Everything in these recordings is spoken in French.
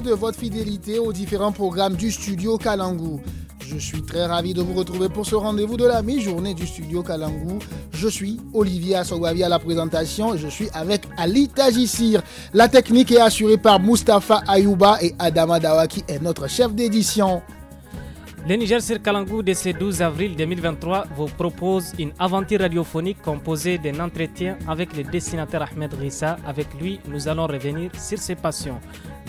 de votre fidélité aux différents programmes du studio Kalangou. Je suis très ravi de vous retrouver pour ce rendez-vous de la mi-journée du studio Kalangu. Je suis Olivia Assogwavi à la présentation je suis avec Ali Tajissir. La technique est assurée par Mustapha Ayuba et Adama Dawaki est notre chef d'édition. Le Niger Sir de ce 12 avril 2023 vous propose une aventure radiophonique composée d'un entretien avec le dessinateur Ahmed Rissa. Avec lui, nous allons revenir sur ses passions.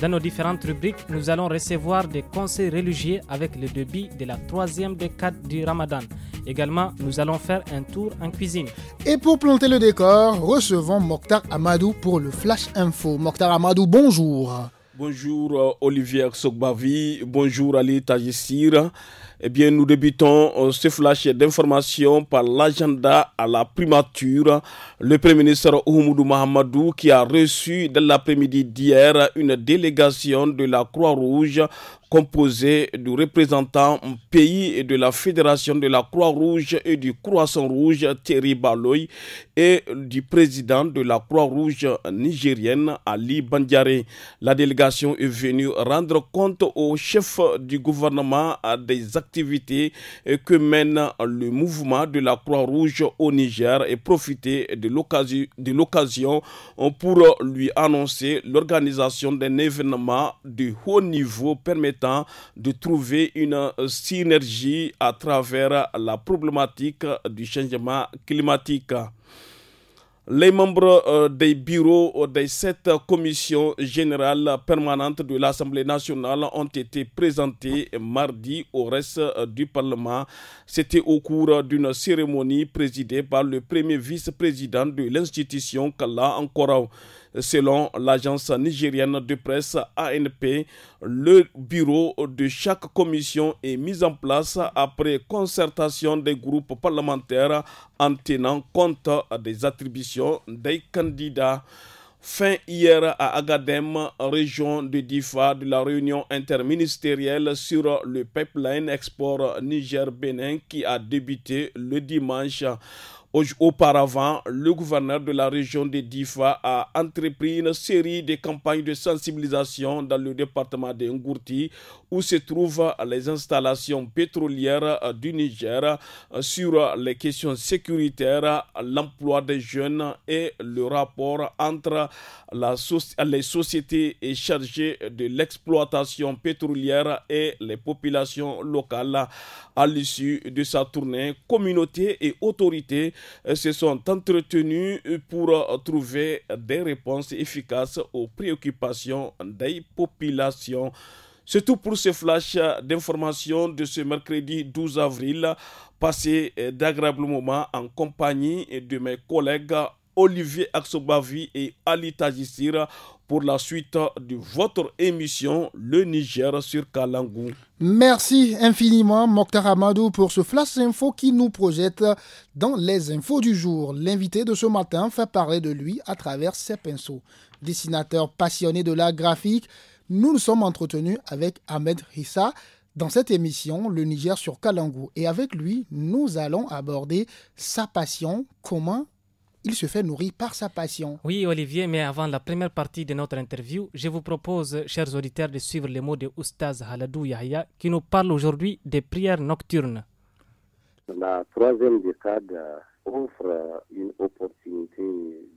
Dans nos différentes rubriques, nous allons recevoir des conseils religieux avec le débit de la troisième décade du Ramadan. Également, nous allons faire un tour en cuisine. Et pour planter le décor, recevons Mokhtar Amadou pour le Flash Info. Mokhtar Amadou, bonjour. Bonjour euh, Olivier Sokbavi, bonjour Ali Tajissir. Eh bien, nous débutons euh, ce flash d'informations par l'agenda à la primature. Le Premier ministre Oumoudou Mahamadou qui a reçu dans l'après-midi d'hier une délégation de la Croix-Rouge composé du représentant pays de la Fédération de la Croix-Rouge et du Croissant-Rouge, Thierry Baloy, et du président de la Croix-Rouge nigérienne, Ali Bandiare. La délégation est venue rendre compte au chef du gouvernement des activités que mène le mouvement de la Croix-Rouge au Niger et profiter de l'occasion pour lui annoncer l'organisation d'un événement de haut niveau permettant de trouver une euh, synergie à travers la problématique du changement climatique. Les membres euh, des bureaux euh, des sept commissions générales permanentes de l'Assemblée nationale ont été présentés mardi au reste du Parlement. C'était au cours d'une cérémonie présidée par le premier vice-président de l'institution, Kala Ankorao. Selon l'agence nigérienne de presse ANP, le bureau de chaque commission est mis en place après concertation des groupes parlementaires en tenant compte des attributions des candidats. Fin hier à Agadem, région de Difa, de la réunion interministérielle sur le pipeline export Niger-Bénin qui a débuté le dimanche. Auparavant, le gouverneur de la région de Difa a entrepris une série de campagnes de sensibilisation dans le département de Ngourti où se trouvent les installations pétrolières euh, du Niger euh, sur les questions sécuritaires, l'emploi des jeunes et le rapport entre les sociétés chargées de l'exploitation pétrolière et les populations locales. À l'issue de sa tournée, communauté et autorités euh, se sont entretenus pour euh, trouver des réponses efficaces aux préoccupations des populations. C'est tout pour ce flash d'information de ce mercredi 12 avril. passé euh, d'agréables moments en compagnie de mes collègues Olivier Aksobavi et Ali Tajissir pour la suite de votre émission Le Niger sur Kalangou. Merci infiniment Mokhtar Amadou pour ce flash info qui nous projette dans les infos du jour. L'invité de ce matin fait parler de lui à travers ses pinceaux. Dessinateur passionné de la graphique, nous nous sommes entretenus avec Ahmed Rissa dans cette émission Le Niger sur Kalangou et avec lui, nous allons aborder sa passion, comment il se fait nourrir par sa passion. Oui, Olivier, mais avant la première partie de notre interview, je vous propose, chers auditeurs, de suivre les mots de Oustaz Haladou Yahya qui nous parle aujourd'hui des prières nocturnes. La troisième décade euh, offre euh, une opportunité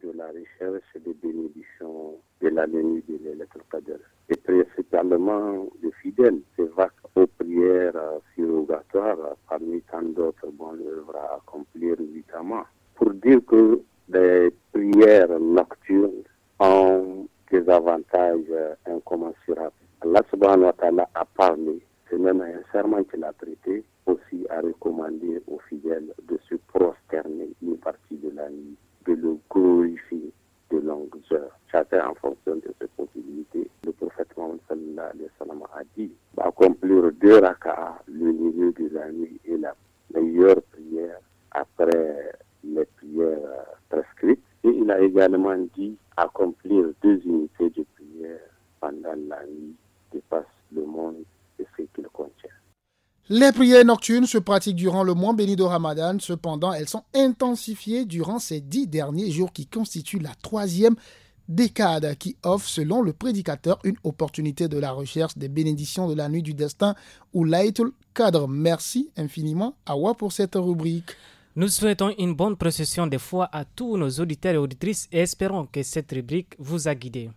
de la recherche des bénédictions de la nuit de l'électrocadeur et principalement les fidèles s'évaquent aux prières euh, surrogatoires parmi tant d'autres bonnes œuvres à accomplir évidemment. pour dire que des prières nocturnes ont des avantages euh, incommensurables. Allah subhanahu wa a parlé, c'est même un serment qu'il a prêté, aussi a recommandé aux fidèles de se prosterner une partie de la nuit, de le glorifier de longues heures. Chacun en fonction de ses possibilités. Le prophète Mohammed sallallahu alayhi wa sallam a dit accomplir deux rakats le milieu de la nuit est la meilleure prière après les prières euh, prescrites. Et il a également dit accomplir deux unités de prière pendant la nuit dépasse le monde et ce qu'il contient. Les prières nocturnes se pratiquent durant le mois béni de Ramadan, cependant elles sont intensifiées durant ces dix derniers jours qui constituent la troisième décade qui offre, selon le prédicateur, une opportunité de la recherche des bénédictions de la nuit du destin ou l'Aïtul cadre. Merci infiniment, à Wa pour cette rubrique. Nous souhaitons une bonne procession des fois à tous nos auditeurs et auditrices et espérons que cette rubrique vous a guidé.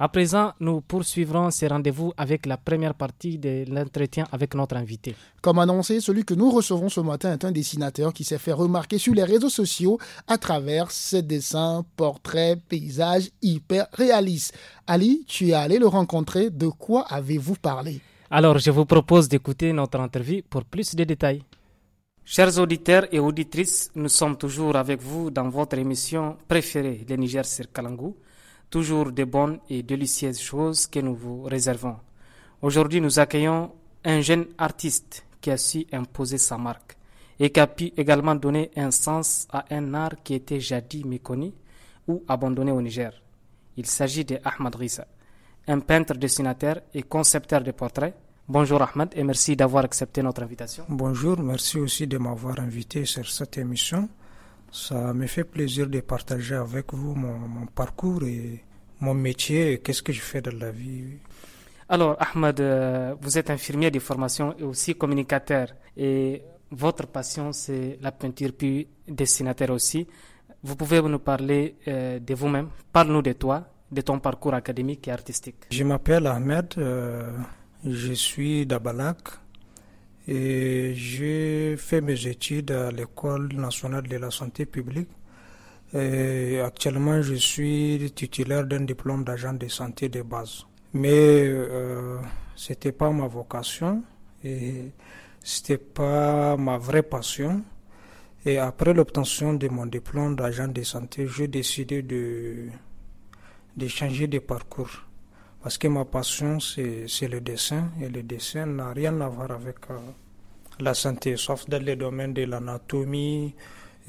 À présent, nous poursuivrons ces rendez-vous avec la première partie de l'entretien avec notre invité. Comme annoncé, celui que nous recevons ce matin est un dessinateur qui s'est fait remarquer sur les réseaux sociaux à travers ses dessins, portraits, paysages hyper réalistes. Ali, tu es allé le rencontrer. De quoi avez-vous parlé Alors, je vous propose d'écouter notre interview pour plus de détails. Chers auditeurs et auditrices, nous sommes toujours avec vous dans votre émission préférée, le Niger sur Kalangou. Toujours de bonnes et délicieuses choses que nous vous réservons. Aujourd'hui, nous accueillons un jeune artiste qui a su imposer sa marque et qui a pu également donner un sens à un art qui était jadis méconnu ou abandonné au Niger. Il s'agit de Ahmad Rissa, un peintre dessinateur et concepteur de portraits Bonjour Ahmed et merci d'avoir accepté notre invitation. Bonjour, merci aussi de m'avoir invité sur cette émission. Ça me fait plaisir de partager avec vous mon, parcours et mon métier et qu'est-ce que je fais dans la vie. Alors Ahmed, euh, vous êtes infirmier de formation et aussi communicateur et votre passion c'est la peinture puis dessinateur aussi. Vous pouvez nous parler euh, de vous-même, parle-nous de toi, de ton parcours académique et artistique. Je m'appelle Ahmed. Euh, je suis d'Abalak et j'ai fait mes études à l'École nationale de la santé publique. actuellement, je suis titulaire d'un diplôme d'agent de santé de base. Mais euh, ce n'était pas ma vocation et ce n'était pas ma vraie passion. Et après l'obtention de mon diplôme d'agent de santé, j'ai décidé de, de changer de parcours. Parce que ma passion, c'est le dessin. Et le dessin n'a rien à voir avec euh, la santé, sauf dans le domaine de l'anatomie.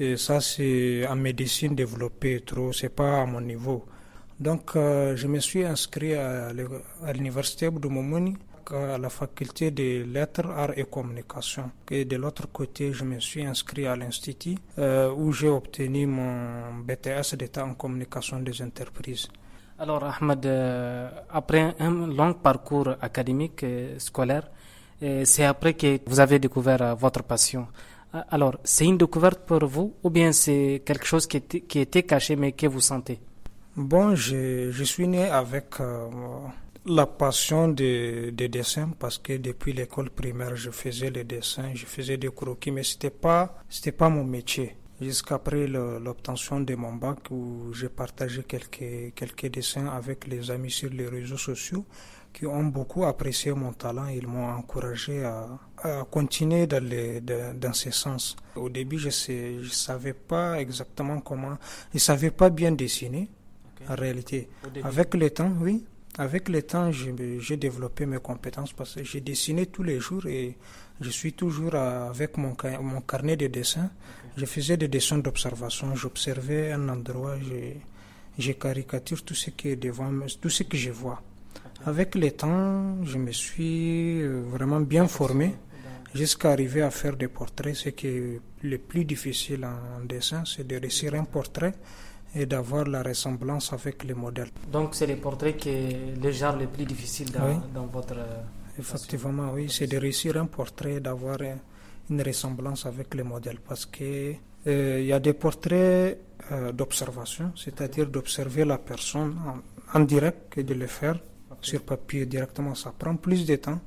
Et ça, c'est en médecine développée trop. C'est pas à mon niveau. Donc, euh, je me suis inscrit à, l'université Boudoumoumouni euh, à la faculté des lettres, arts et communications. Et de l'autre côté, je me suis inscrit à l'Institut où j'ai obtenu mon BTS d'état en communication des entreprises. Alors Ahmed, euh, après un long parcours académique scolaire, euh, c'est après que vous avez découvert euh, votre passion. Alors, c'est une découverte pour vous ou bien c'est quelque chose qui était, caché mais que vous sentez Bon, je, suis né avec la passion des de dessins parce que depuis l'école primaire, je faisais les dessins, je faisais des croquis, mais ce n'était pas mon métier jusqu'après l'obtention de mon bac où j'ai partagé quelques, quelques dessins avec les amis sur les réseaux sociaux qui ont beaucoup apprécié mon talent. Ils m'ont encouragé à, continuer dans, dans, ce sens. Au début, je ne je savais pas exactement comment, je ne savais pas bien dessiner en réalité. Avec le temps, oui. Avec le temps, j'ai développé mes compétences parce que j'ai dessiné tous les jours et je suis toujours avec mon, mon carnet de dessin. Je faisais des dessins d'observation, j'observais un endroit, je, caricature tout ce qui est devant tout ce que je vois. Avec le temps, je me suis euh, vraiment bien formé jusqu'à arriver à faire des portraits. Ce qui est le plus difficile en, dessin, c'est de réussir un portrait et d'avoir la ressemblance avec le modèle. Donc c'est les portraits qui est le genre le plus difficile dans, dans votre... Euh, Effectivement, oui, c'est de réussir un portrait, d'avoir un, une ressemblance avec les modèles parce que euh, il y a des portraits euh, d'observation, c'est-à-dire d'observer la personne en, direct et de le faire sur papier directement. Ça prend plus de temps.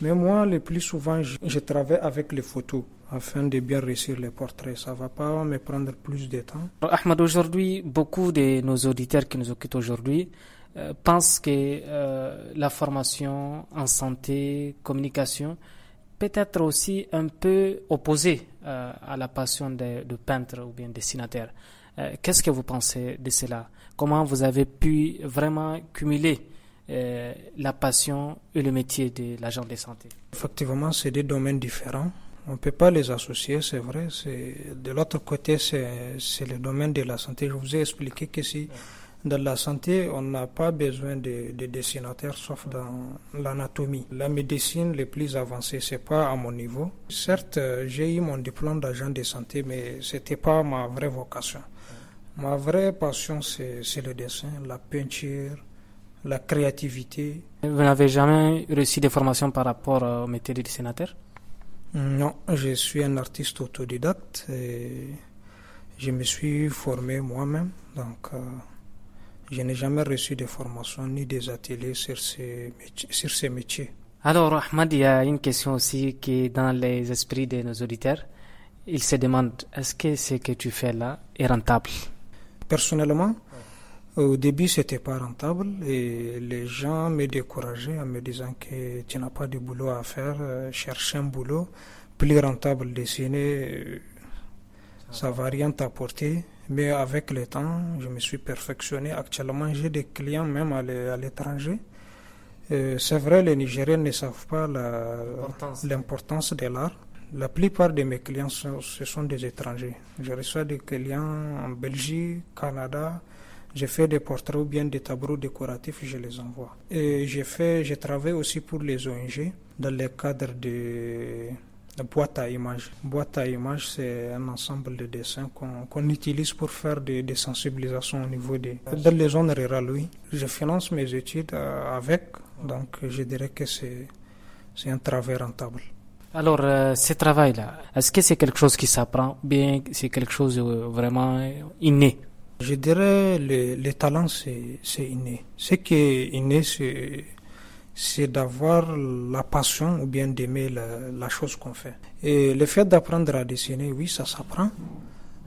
Mais moi, le plus souvent, je, travaille avec les photos afin de bien réussir les portraits. Ça ne va pas me prendre plus de temps. Ahmed, aujourd'hui, beaucoup de nos auditeurs qui nous occupent aujourd'hui euh, pensent que la formation en santé, communication, peut-être aussi un peu opposé euh, à la passion de, peintre ou bien dessinateur. Euh, qu'est-ce que vous pensez de cela Comment vous avez pu vraiment cumuler euh, la passion et le métier de l'agent de santé Effectivement, c'est des domaines différents. On ne peut pas les associer, c'est vrai. De l'autre côté, c'est le domaine de la santé. Je vous ai expliqué que si... Dans la santé, on n'a pas besoin de, de dessinateurs sauf dans l'anatomie. La médecine les plus avancée, c'est pas à mon niveau. Certes, euh, j'ai eu mon diplôme d'agent de santé, mais c'était pas ma vraie vocation. Ma vraie passion, c'est le dessin, la peinture, la créativité. Vous n'avez jamais reçu des formations par rapport euh, au métier de dessinateur Non, je suis un artiste autodidacte et je me suis formé moi-même. Donc. Euh, je n'ai jamais reçu de formation ni des ateliers sur ces métiers. Sur ces métiers. Alors, Ahmad, il y a une question aussi qui est dans les esprits de nos auditeurs. Ils se demandent, est-ce que ce que tu fais là est rentable Personnellement, au début, c'était pas rentable et les gens me découragé en me disant que tu n'as pas de boulot à faire, euh, cherche un boulot plus rentable, dessiner, euh, ça va rien t'apporter. Mais avec le temps, je me suis perfectionné. Actuellement, j'ai des clients même à l'étranger. Euh, c'est vrai, les Nigériens ne savent pas l'importance de l'art. La plupart de mes clients, ce sont des étrangers. Je reçois des clients en Belgique, Canada. Je fais des portraits ou bien des tableaux décoratifs, je les envoie. Et j'ai fait, j'ai travaillé aussi pour les ONG dans le cadre de boîte à images. Boîte à images, c'est un ensemble de dessins qu'on utilise pour faire des, sensibilisations au niveau des... Dans les zones rurales, oui. Je finance mes études euh, avec, donc je dirais que c'est un travail rentable. Alors, euh, ce travail-là, est-ce que c'est quelque chose qui s'apprend bien, c'est quelque chose euh, vraiment inné Je dirais les, le talent, c'est inné. Ce qui est inné, c'est c'est d'avoir la passion ou bien d'aimer la, chose qu'on fait. Et le fait d'apprendre à dessiner, oui, ça s'apprend.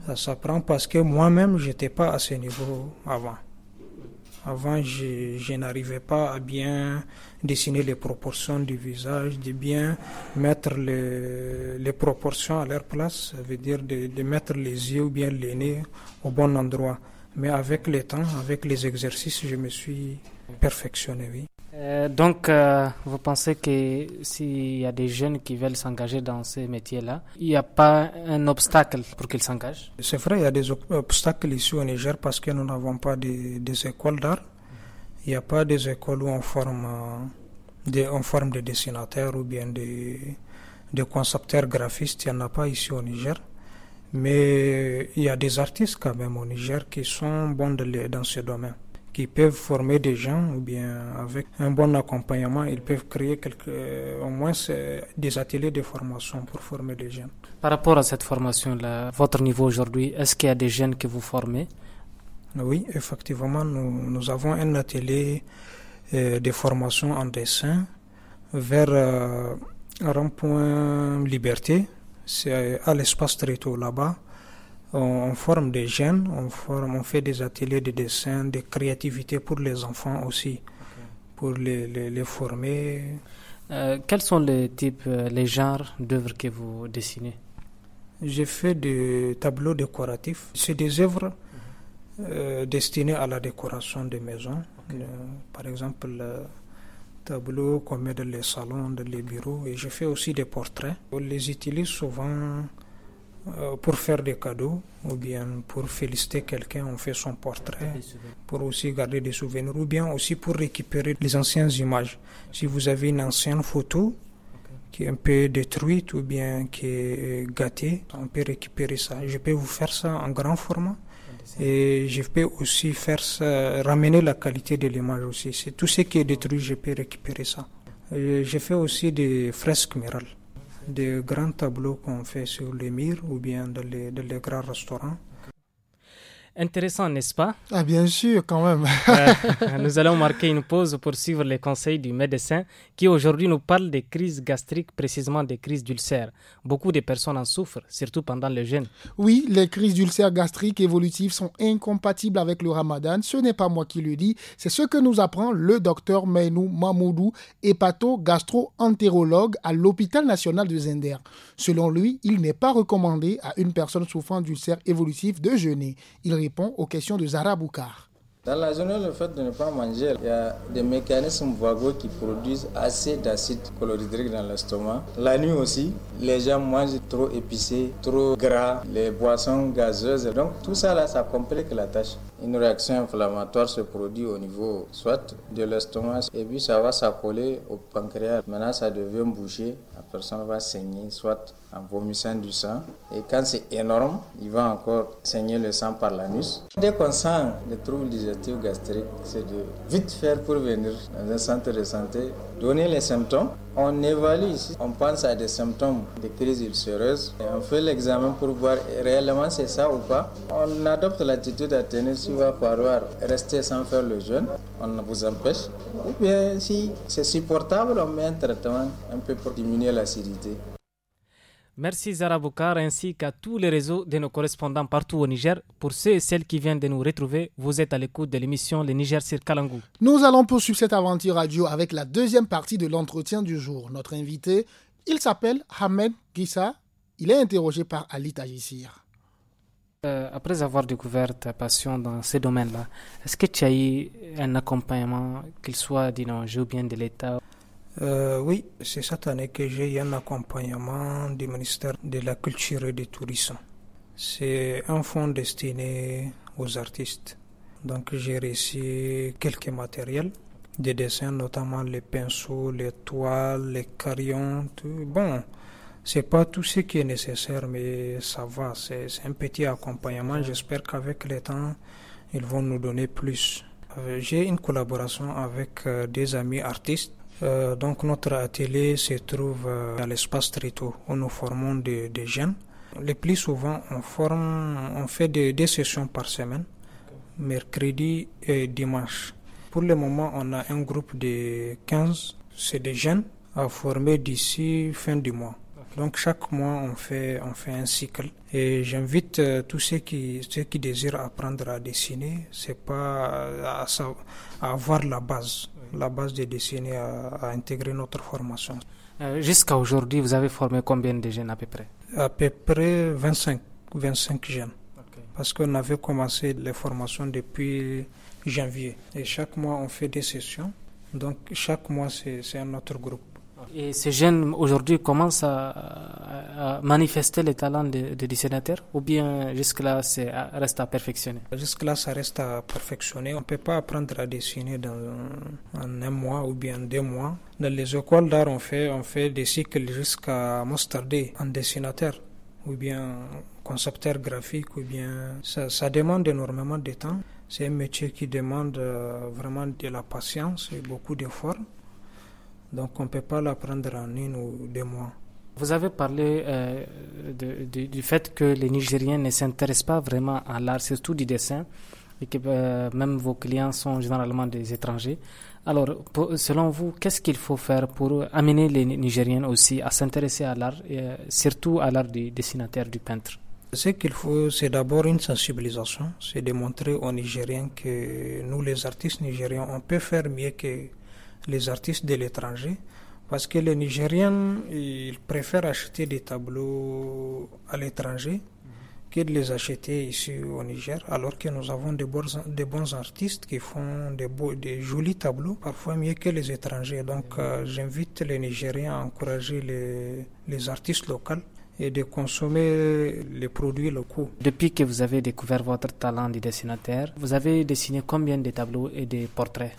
Ça s'apprend parce que moi-même, je n'étais pas à ce niveau avant. Avant, je, n'arrivais pas à bien dessiner les proportions du visage, de bien mettre les, les proportions à leur place, ça veut dire de, de mettre les yeux ou bien les nez au bon endroit. Mais avec le temps, avec les exercices, je me suis perfectionné, oui. Euh, donc, euh, vous pensez que s'il y a des jeunes qui veulent s'engager dans ces métiers-là, il n'y a pas un obstacle pour qu'ils s'engagent C'est vrai, il y a des obstacles ici au Niger parce que nous n'avons pas des, écoles d'art. Il n'y a pas des écoles où on forme, euh, des, on forme des dessinateurs ou bien des, des concepteurs graphistes. Il n'y en a pas ici au Niger. Mais il y a des artistes quand même au Niger qui sont bons de dans ce domaine qui peuvent former des gens, ou bien avec un bon accompagnement, ils peuvent créer quelques, euh, au moins des ateliers de formation pour former des jeunes. Par rapport à cette formation-là, votre niveau aujourd'hui, est-ce qu'il y a des jeunes que vous formez Oui, effectivement, nous, avons un atelier euh, de formation en dessin vers euh, point Liberté, c'est à l'espace tôt là-bas on, forme des jeunes, on, forme, on fait des ateliers de dessin, de créativité pour les enfants aussi, pour les, former. Euh, quels sont les types, euh, les genres d'œuvres que vous dessinez J'ai fait des tableaux décoratifs. C'est des œuvres mhm. euh, destinées à la décoration des maisons. par exemple, tableaux qu'on met dans les salons, dans les bureaux. Et je fais aussi des portraits. On les utilise souvent euh, pour faire des cadeaux ou bien pour féliciter quelqu'un, on fait son portrait, pour aussi garder des souvenirs ou bien aussi pour récupérer les anciennes images. Si vous avez une ancienne photo qui est un peu détruite ou bien qui est gâtée, on peut récupérer ça. Je peux vous faire ça en grand format. Et je peux aussi faire ça, ramener la qualité de l'image aussi. C'est tout ce qui est détruit, je peux récupérer ça. Euh, je fais aussi des fresques murales des grands tableaux qu'on fait sur les murs ou bien dans les, grands restaurants. Intéressant, n'est-ce pas Ah bien sûr, quand même. nous allons marquer une pause pour suivre les conseils du médecin qui aujourd'hui nous parle des crises gastriques, précisément des crises d'ulcères. Beaucoup de personnes en souffrent, surtout pendant le jeûne. Oui, les crises d'ulcères gastriques évolutives sont incompatibles avec le ramadan. Ce n'est pas moi qui le dis, c'est ce que nous apprend le docteur Meinou Mamoudou, hépato-gastro-entérologue à l'hôpital national de Zender. Selon lui, il n'est pas recommandé à une personne souffrant d'ulcères évolutifs de jeûner. Il répond aux questions de Zara Boukar. Dans la journée, le fait de ne pas manger, il y a des mécanismes vagaux qui produisent assez d'acide chlorhydrique dans l'estomac. La nuit aussi, les gens mangent trop épicé, trop gras, les boissons gazeuses. Donc tout ça, là, ça complique la tâche. Une réaction inflammatoire se produit au niveau soit de l'estomac et puis ça va s'accoler au pancréas. Maintenant, ça devient bouché la personne va saigner soit en vomissant du sang. Et quand c'est énorme, il va encore saigner le sang par l'anus. Dès qu'on sent les troubles digestifs gastriques, c'est de vite faire pour venir dans un centre de santé donner les symptômes. On évalue, ici, on pense à des symptômes de crise ulcéreuse et on fait l'examen pour voir réellement c'est ça ou pas. On adopte l'attitude à tenir s'il va falloir rester sans faire le jeûne, on ne vous empêche. Ou bien si c'est supportable, on met un traitement un peu pour diminuer l'acidité. Merci Zara Boukar ainsi qu'à tous les réseaux de nos correspondants partout au Niger. Pour ceux et celles qui viennent de nous retrouver, vous êtes à l'écoute de l'émission Le Niger sur Kalangou. Nous allons poursuivre cette aventure radio avec la deuxième partie de l'entretien du jour. Notre invité, il s'appelle Ahmed Gissa. Il est interrogé par Ali Tajissir. Euh, après avoir découvert ta passion dans ce domaine-là, est-ce que tu as eu un accompagnement, qu'il soit, enjeu ou bien de l'État euh, oui, c'est cette année que j'ai eu un accompagnement du ministère de la Culture et du Tourisme. C'est un fonds destiné aux artistes. Donc j'ai reçu quelques matériels des dessins, notamment les pinceaux, les toiles, les carillons. Bon, c'est pas tout ce qui est nécessaire, mais ça va. C'est un petit accompagnement. J'espère qu'avec le temps, ils vont nous donner plus. Euh, j'ai une collaboration avec euh, des amis artistes euh, donc notre atelier se trouve euh, dans l'espace Trito où nous formons des jeunes. Le plus souvent, on, forme, on fait des, sessions par semaine, mercredi et dimanche. Pour le moment, on a un groupe de 15, c'est des jeunes à former d'ici fin du mois. Donc chaque mois, on fait, on fait un cycle. Et j'invite euh, tous ceux qui, ceux qui désirent apprendre à dessiner, c'est pas à avoir la base la base des décennies à, intégrer notre formation. Euh, jusqu'à aujourd'hui, vous avez formé combien de jeunes à peu près À peu près 25, 25 jeunes. Parce qu'on avait commencé les formations depuis janvier. Et chaque mois, on fait des sessions. Donc chaque mois, c'est un autre groupe. Et ces jeunes aujourd'hui commencent à, manifester les talents de, dessinateur ou bien jusque-là, ça reste à perfectionner Jusque-là, ça reste à perfectionner. On ne peut pas apprendre à dessiner dans, en un mois ou bien deux mois. Dans les écoles d'art, on fait, on fait des cycles jusqu'à Master en dessinateur ou bien concepteur graphique ou bien ça, ça demande énormément de temps. C'est un métier qui demande euh, vraiment de la patience et beaucoup d'efforts. Donc on ne peut pas la prendre en une ou deux mois. Vous avez parlé euh, du fait que les Nigériens ne s'intéressent pas vraiment à l'art, surtout du dessin, et que euh, même vos clients sont généralement des étrangers. Alors, selon vous, qu'est-ce qu'il faut faire pour amener les Nigériens aussi à s'intéresser à l'art, et euh, surtout à l'art du dessinateur, du peintre ce qu'il faut, c'est d'abord une sensibilisation, c'est de montrer aux Nigériens que nous, les artistes nigériens, on peut faire mieux que les artistes de l'étranger parce que les Nigériens, ils préfèrent acheter des tableaux à l'étranger que de les acheter ici au Niger, alors que nous avons des bons, artistes qui font des, beaux, des jolis tableaux, parfois mieux que les étrangers. Donc euh, j'invite les Nigériens à encourager les, les artistes locaux et de consommer les produits locaux. Depuis que vous avez découvert votre talent de dessinateur, vous avez dessiné combien de tableaux et de portraits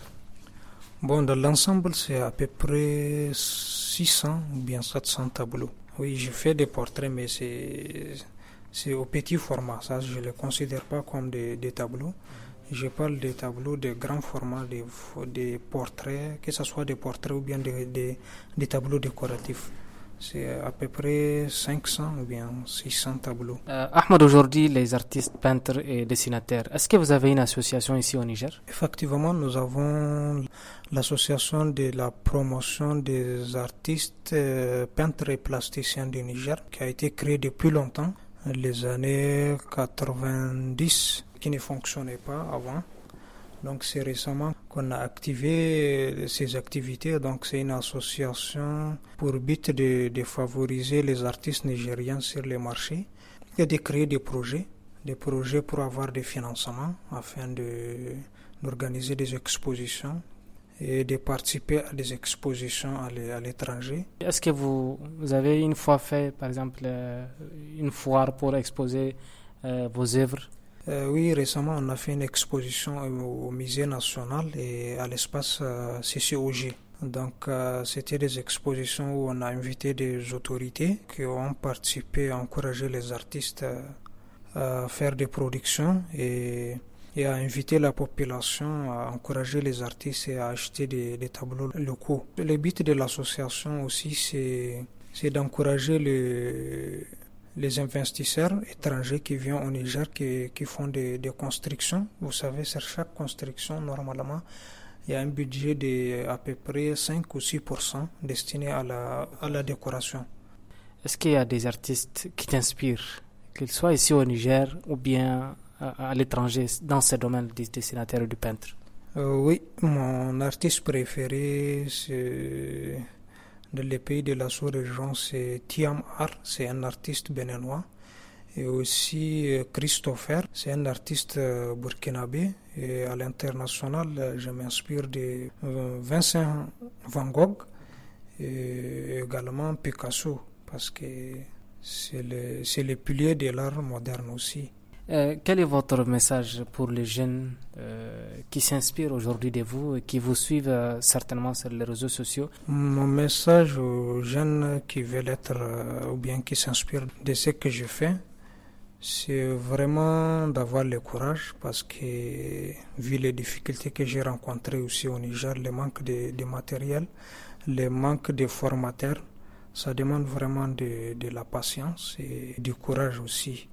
Bon, dans l'ensemble, c'est à peu près 600 ou bien 700 tableaux. Oui, je fais des portraits, mais c'est, au petit format. Ça, je ne les considère pas comme des, tableaux. Je parle des tableaux de grand format, des, portraits, que ce soit des portraits ou bien des, des tableaux décoratifs. C'est à peu près 500 ou bien 600 tableaux. Euh, Ahmed, aujourd'hui, les artistes, peintres et dessinateurs, est-ce que vous avez une association ici au Niger Effectivement, nous avons l'association de la promotion des artistes, euh, peintres et plasticiens du Niger, qui a été créée depuis longtemps, les années 90, qui ne fonctionnait pas avant. Donc c'est récemment qu'on a activé ces activités. Donc c'est une association pour but de, favoriser les artistes nigériens sur les marchés et de créer des projets, des projets pour avoir des financements afin d'organiser des expositions et de participer à des expositions à l'étranger. Est-ce que vous, avez une fois fait, par exemple, euh, une foire pour exposer euh, vos œuvres euh, oui, récemment, on a fait une exposition euh, au Musée national et à l'espace euh, CCOG. Donc, c'était des expositions où on a invité des autorités qui ont participé à encourager les artistes à faire des productions et, à inviter la population à encourager les artistes et à acheter des, tableaux locaux. Le but de l'association aussi, c'est d'encourager les les investisseurs étrangers qui viennent au Niger, qui, font des, des constructions. Vous savez, sur chaque construction, normalement, il y a un budget de à peu près 5 ou 6 destiné à la, la décoration. Est-ce qu'il y a des artistes qui t'inspirent, qu'ils soient ici au Niger ou bien euh, à, l'étranger, dans ce domaine du dessinateur ou du peintre euh, Oui, mon artiste préféré, c'est dans les pays de la sous-région, c'est Thiam Ar, c'est un artiste béninois. Et aussi euh, Christopher, c'est un artiste euh, burkinabé. Et à l'international, je m'inspire de euh, Vincent Van Gogh et également Picasso, parce que c'est le, le pilier de l'art moderne aussi. Euh, quel est votre message pour les jeunes euh, qui s'inspirent aujourd'hui de vous et qui vous suivent euh, certainement sur les réseaux sociaux Mon message aux jeunes qui veulent être ou bien qui s'inspirent de ce que je fais, c'est vraiment d'avoir le courage parce que vu les difficultés que j'ai rencontrées aussi au Niger, le manque de, matériel, le manque de formateurs, ça demande vraiment de la patience et du courage aussi.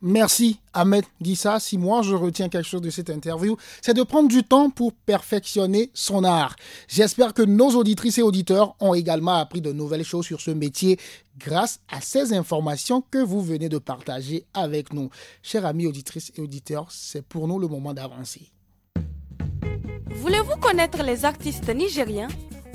Merci Ahmed Gissa. Si moi je retiens quelque chose de cette interview, c'est de prendre du temps pour perfectionner son art. J'espère que nos auditrices et auditeurs ont également appris de nouvelles choses sur ce métier grâce à ces informations que vous venez de partager avec nous. Chers amis auditrices et auditeurs, c'est pour nous le moment d'avancer. Voulez-vous connaître les artistes nigériens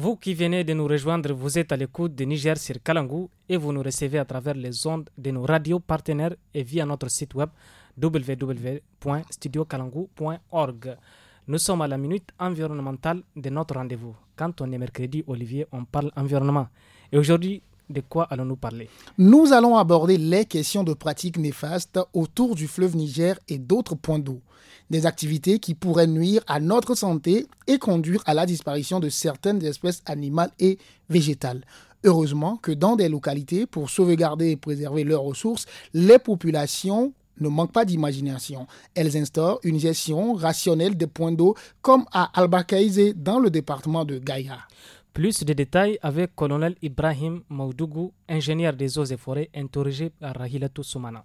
Vous qui venez de nous rejoindre, vous êtes à l'écoute de Niger sur Kalangou et vous nous recevez à travers les ondes de nos radios partenaires et via notre site web www.studiokalangou.org. Nous sommes à la minute environnementale de notre rendez-vous. Quand on est mercredi, Olivier, on parle environnement. Et aujourd'hui, de quoi allons-nous parler Nous allons aborder les questions de pratiques néfastes autour du fleuve Niger et d'autres points d'eau. Des activités qui pourraient nuire à notre santé et conduire à la disparition de certaines espèces animales et végétales. Heureusement que dans des localités, pour sauvegarder et préserver leurs ressources, les populations ne manquent pas d'imagination. Elles instaurent une gestion rationnelle des points d'eau, comme à Albakaïze, dans le département de Gaïa. Plus de détails avec colonel Ibrahim Maudougou, ingénieur des eaux et forêts, interrogé par Rahilatou Soumana.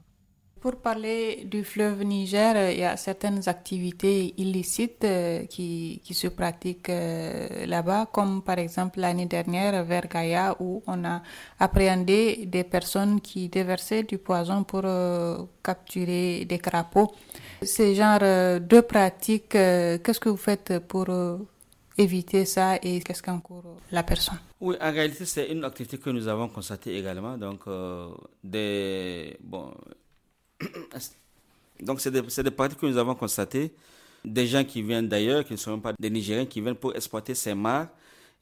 Pour parler du fleuve Niger, il y a certaines activités illicites euh, qui, qui se pratiquent euh, là-bas, comme par exemple l'année dernière vers Gaïa où on a appréhendé des personnes qui déversaient du poison pour euh, capturer des crapauds. Ces genres de pratiques, qu'est-ce que vous faites pour éviter ça et qu'est-ce qu'encore euh, la personne. Oui, en réalité, c'est une activité que nous avons constatée également. Donc, euh, des, bon, donc c'est des, des, pratiques que nous avons constatées. Des gens qui viennent d'ailleurs, qui ne sont même pas des Nigériens, qui viennent pour exploiter ces mares.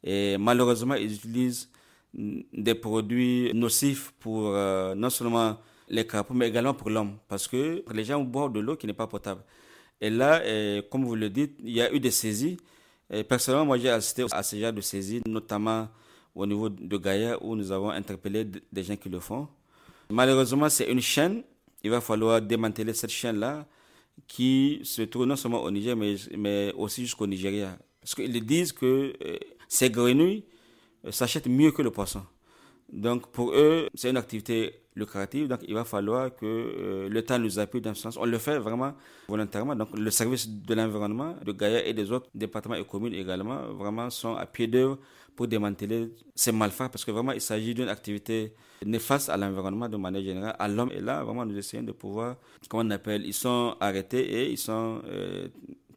Et malheureusement, ils utilisent des produits nocifs pour euh, non seulement les crapauds, mais également pour l'homme. Parce que les gens boivent de l'eau qui n'est pas potable. Et là, comme vous le dites, il y a eu des saisies personnellement, moi, j'ai assisté à ce genre de saisie, notamment au niveau de Gaïa, où nous avons interpellé des gens qui le font. Malheureusement, c'est une chaîne. Il va falloir démanteler cette chaîne-là qui se trouve non seulement au Niger, mais, mais aussi jusqu'au Nigeria. Parce qu'ils disent que euh, ces grenouilles euh, s'achètent mieux que le poisson. Donc pour eux, c'est une activité créatif, Donc, il va falloir que euh, le temps nous appuie dans ce sens. On le fait vraiment volontairement. Donc, le service de l'environnement de Gaïa et des autres départements et communes également, vraiment sont à pied d'œuvre pour démanteler ces malfaits parce que vraiment, il s'agit d'une activité néfaste à l'environnement de manière générale, à l'homme. Et là, vraiment, nous essayons de pouvoir, comment on appelle, ils sont arrêtés et ils sont euh,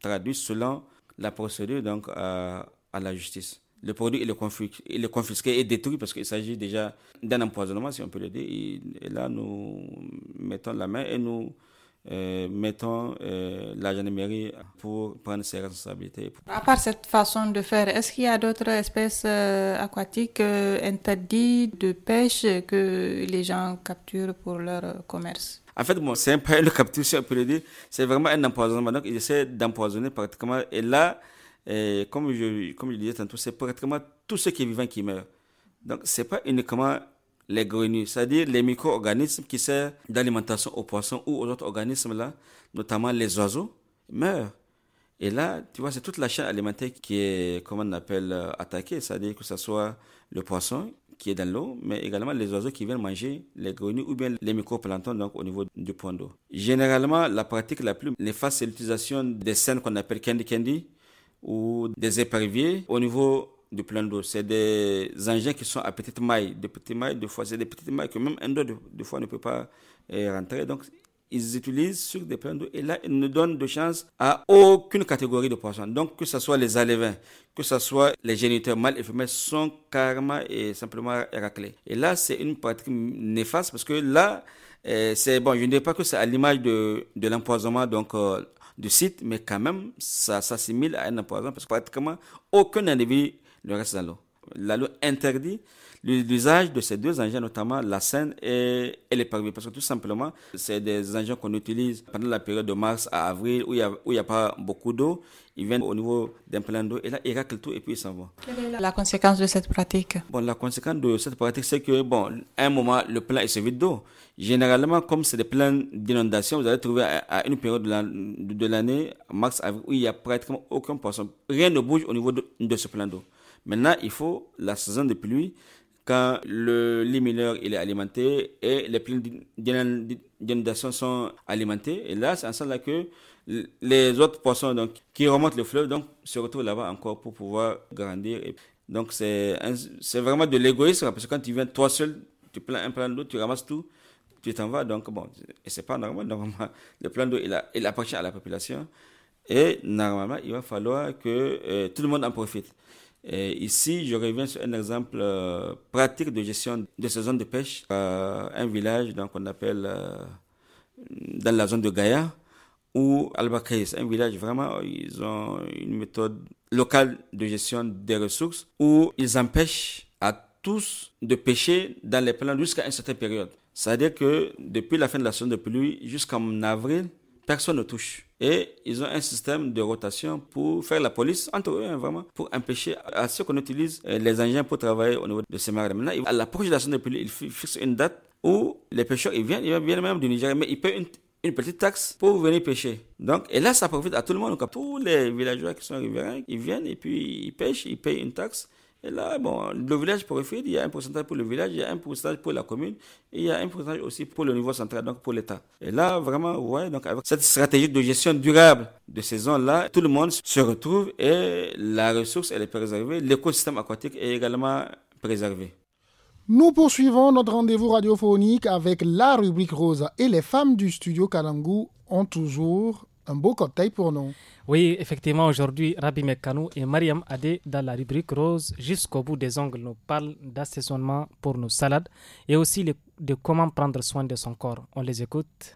traduits selon la procédure donc à la justice le produit il est, confisqué, et détruit parce qu'il s'agit déjà d'un empoisonnement, si on peut le dire. Et, là, nous mettons la main et nous euh, mettons euh, la mairie pour prendre ses responsabilités. À part cette façon de faire, est-ce qu'il y a d'autres espèces euh, aquatiques euh, interdites de pêche que les gens capturent pour leur commerce en fait, c'est un peu le capture, si on peut le dire. C'est vraiment un empoisonnement. Donc, ils essaient d'empoisonner pratiquement. Et là, et comme je, comme je disais tantôt, c'est pratiquement tout ce qui est vivant qui meurt. Donc, ce n'est pas uniquement les grenouilles, c'est-à-dire les micro-organismes qui servent d'alimentation aux poissons ou aux autres organismes, là, notamment les oiseaux, meurent. Et là, tu vois, c'est toute la chaîne alimentaire qui est, comment on appelle, euh, attaquée, c'est-à-dire que ce soit le poisson qui est dans l'eau, mais également les oiseaux qui viennent manger les grenouilles ou bien les microplanctons, donc au niveau du point d'eau. Généralement, la pratique la plus néfaste, c'est l'utilisation des scènes qu'on appelle candy candy, ou des éperviers au niveau du plein d'eau. C'est des engins qui sont à petite maille, de petites mailles de fois. C'est des petites mailles que même un dos de, fois ne peut pas euh, rentrer. Donc, ils utilisent sur des plans d'eau et là, ils ne donnent de chance à aucune catégorie de poissons. Donc, que ce soit les alevins, que ce soit les géniteurs mâles et femelles, sont carrément et simplement raclés. Et là, c'est une pratique néfaste parce que là, euh, c'est bon, je ne dis pas que c'est à l'image de, l'empoisonnement, donc euh, du site, mais quand même, ça s'assimile à un empoisonnement parce que pratiquement aucun individu ne reste dans l'eau. La loi interdit L'usage de ces deux engins, notamment la Seine et, les parvis, parce que tout simplement, c'est des engins qu'on utilise pendant la période de mars à avril où il n'y a, a, pas beaucoup d'eau. Ils viennent au niveau d'un plein d'eau et là, ils raclent tout et puis ils s'en vont. la, conséquence de cette pratique Bon, la conséquence de cette pratique, c'est que, bon, à un moment, le plein est se vide d'eau. Généralement, comme c'est des plans d'inondation, vous allez trouver à, une période de l'année, mars, avril, où il n'y a pratiquement aucun poisson. Rien ne bouge au niveau de, de ce plein d'eau. Maintenant, il faut la saison de pluie quand le, lit mineur il est alimenté et les plaines d'inondation sont alimentées. Et là, c'est en sens là que les autres poissons donc, qui remontent le fleuve donc, se retrouvent là-bas encore pour pouvoir grandir. donc, c'est vraiment de l'égoïsme parce que quand tu viens toi seul, tu plains un plan d'eau, tu ramasses tout, tu t'en vas. Donc, bon, et c'est pas normal. Normalement, le plan d'eau, il, il, appartient à la population. Et normalement, il va falloir que euh, tout le monde en profite. Et ici, je reviens sur un exemple euh, pratique de gestion de ces zones de pêche. Euh, un village qu'on appelle euh, dans la zone de Gaïa ou Albacaïs, un village vraiment, ils ont une méthode locale de gestion des ressources où ils empêchent à tous de pêcher dans les plans jusqu'à une certaine période. C'est-à-dire que depuis la fin de la saison de pluie jusqu'en avril, personne ne touche. Et ils ont un système de rotation pour faire la police entre eux, hein, vraiment, pour empêcher à ceux qu'on utilise euh, les engins pour travailler au niveau de ces marais. Maintenant, à l'approche de la saison de ils fixent une date où les pêcheurs, ils viennent, ils viennent même du Niger, mais ils paient une, petite taxe pour venir pêcher. Donc, et là, ça profite à tout le monde. Donc, tous les villageois qui sont riverains, ils viennent et puis ils pêchent, ils payent une taxe. Et là, bon, le village périphérique, il y a un pourcentage pour le village, il y a un pourcentage pour la commune, et il y a un pourcentage aussi pour le niveau central, donc pour l'État. Et là, vraiment, vous voyez, donc avec cette stratégie de gestion durable de ces zones-là, tout le monde se retrouve et la ressource, elle est préservée, l'écosystème aquatique est également préservé. Nous poursuivons notre rendez-vous radiophonique avec la rubrique Rosa. et les femmes du studio Kalangu ont toujours un beau cocktail pour nous. Oui, effectivement, aujourd'hui, Rabbi Mekanou et Mariam Adé, dans la rubrique rose, jusqu'au bout des ongles, nous parlent d'assaisonnement pour nos salades et aussi de comment prendre soin de son corps. On les écoute.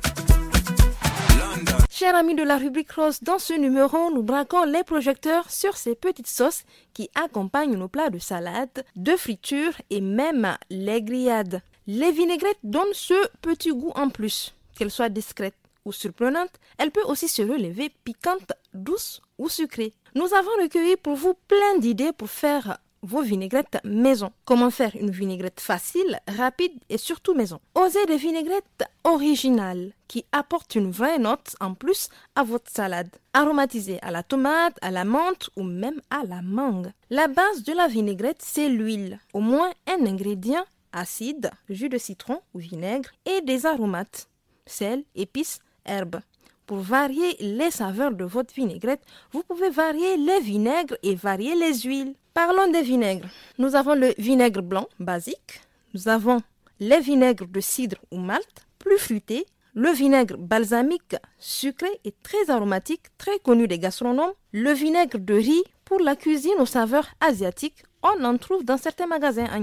Chers amis de la rubrique rose, dans ce numéro, nous braquons les projecteurs sur ces petites sauces qui accompagnent nos plats de salade, de friture et même les grillades. Les vinaigrettes donnent ce petit goût en plus. Qu'elles soient discrètes ou surprenantes, elles peuvent aussi se relever piquantes, douces ou sucrées. Nous avons recueilli pour vous plein d'idées pour faire vos vinaigrettes maison. Comment faire une vinaigrette facile, rapide et surtout maison Osez des vinaigrettes originales qui apportent une vraie note en plus à votre salade, aromatisée à la tomate, à la menthe ou même à la mangue. La base de la vinaigrette, c'est l'huile, au moins un ingrédient acide, jus de citron ou vinaigre et des aromates, sel, épices, herbes. Pour varier les saveurs de votre vinaigrette, vous pouvez varier les vinaigres et varier les huiles. Parlons des vinaigres. Nous avons le vinaigre blanc basique, nous avons les vinaigres de cidre ou malt, plus fruités, le vinaigre balsamique sucré et très aromatique, très connu des gastronomes, le vinaigre de riz pour la cuisine aux saveurs asiatiques, on en trouve dans certains magasins à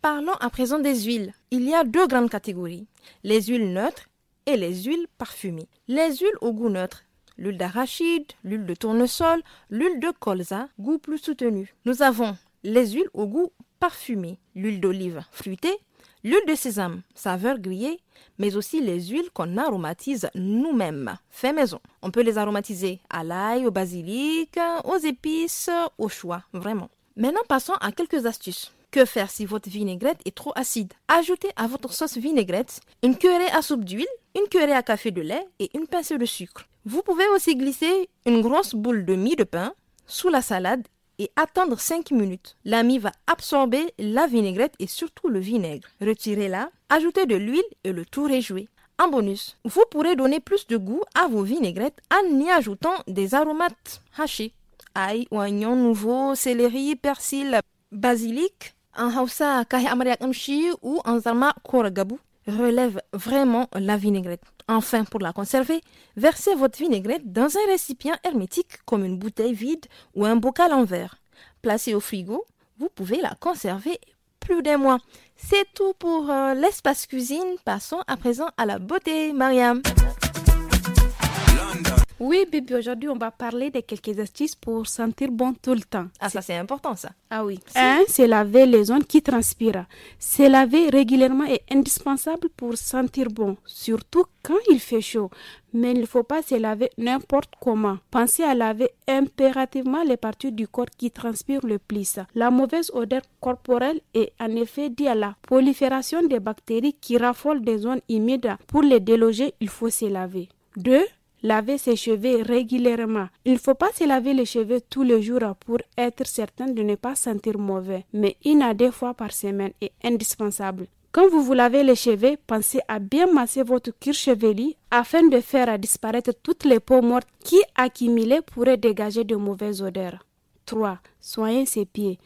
Parlons à présent des huiles. Il y a deux grandes catégories, les huiles neutres et les huiles parfumées. Les huiles au goût neutre, l'huile d'arachide, l'huile de tournesol, l'huile de colza, goût plus soutenu. Nous avons les huiles au goût parfumé, l'huile d'olive fruitée, l'huile de sésame, saveur grillée, mais aussi les huiles qu'on aromatise nous-mêmes, fait maison. On peut les aromatiser à l'ail, au basilic, aux épices, au choix, vraiment. Maintenant, passons à quelques astuces. Que faire si votre vinaigrette est trop acide Ajoutez à votre sauce vinaigrette une cuillerée à soupe d'huile, une cuillerée à café de lait et une pincée de sucre. Vous pouvez aussi glisser une grosse boule de mie de pain sous la salade et attendre 5 minutes. La mie va absorber la vinaigrette et surtout le vinaigre. Retirez-la, ajoutez de l'huile et le tout joué. En bonus, vous pourrez donner plus de goût à vos vinaigrettes en y ajoutant des aromates hachés, Ail, oignon nouveau, céleri, persil, basilic, en hausa kahi ou en zarma relève vraiment la vinaigrette. Enfin, pour la conserver, versez votre vinaigrette dans un récipient hermétique comme une bouteille vide ou un bocal en verre. Placée au frigo, vous pouvez la conserver plus d'un mois. C'est tout pour euh, l'espace cuisine. Passons à présent à la beauté, Mariam. Oui, bébé, aujourd'hui, on va parler de quelques astuces pour sentir bon tout le temps. Ah, ça, c'est important, ça. Ah oui. Un, hein, c'est laver les zones qui transpirent. Se laver régulièrement est indispensable pour sentir bon, surtout quand il fait chaud. Mais il ne faut pas se laver n'importe comment. Pensez à laver impérativement les parties du corps qui transpirent le plus. La mauvaise odeur corporelle est en effet due à la prolifération des bactéries qui raffolent des zones humides. Pour les déloger, il faut se laver. 2 laver ses cheveux régulièrement. Il ne faut pas se laver les cheveux tous les jours pour être certain de ne pas sentir mauvais, mais une à deux fois par semaine est indispensable. Quand vous vous lavez les cheveux, pensez à bien masser votre cuir chevelu afin de faire disparaître toutes les peaux mortes qui accumulées pourraient dégager de mauvaises odeurs. 3. Soignez ses pieds.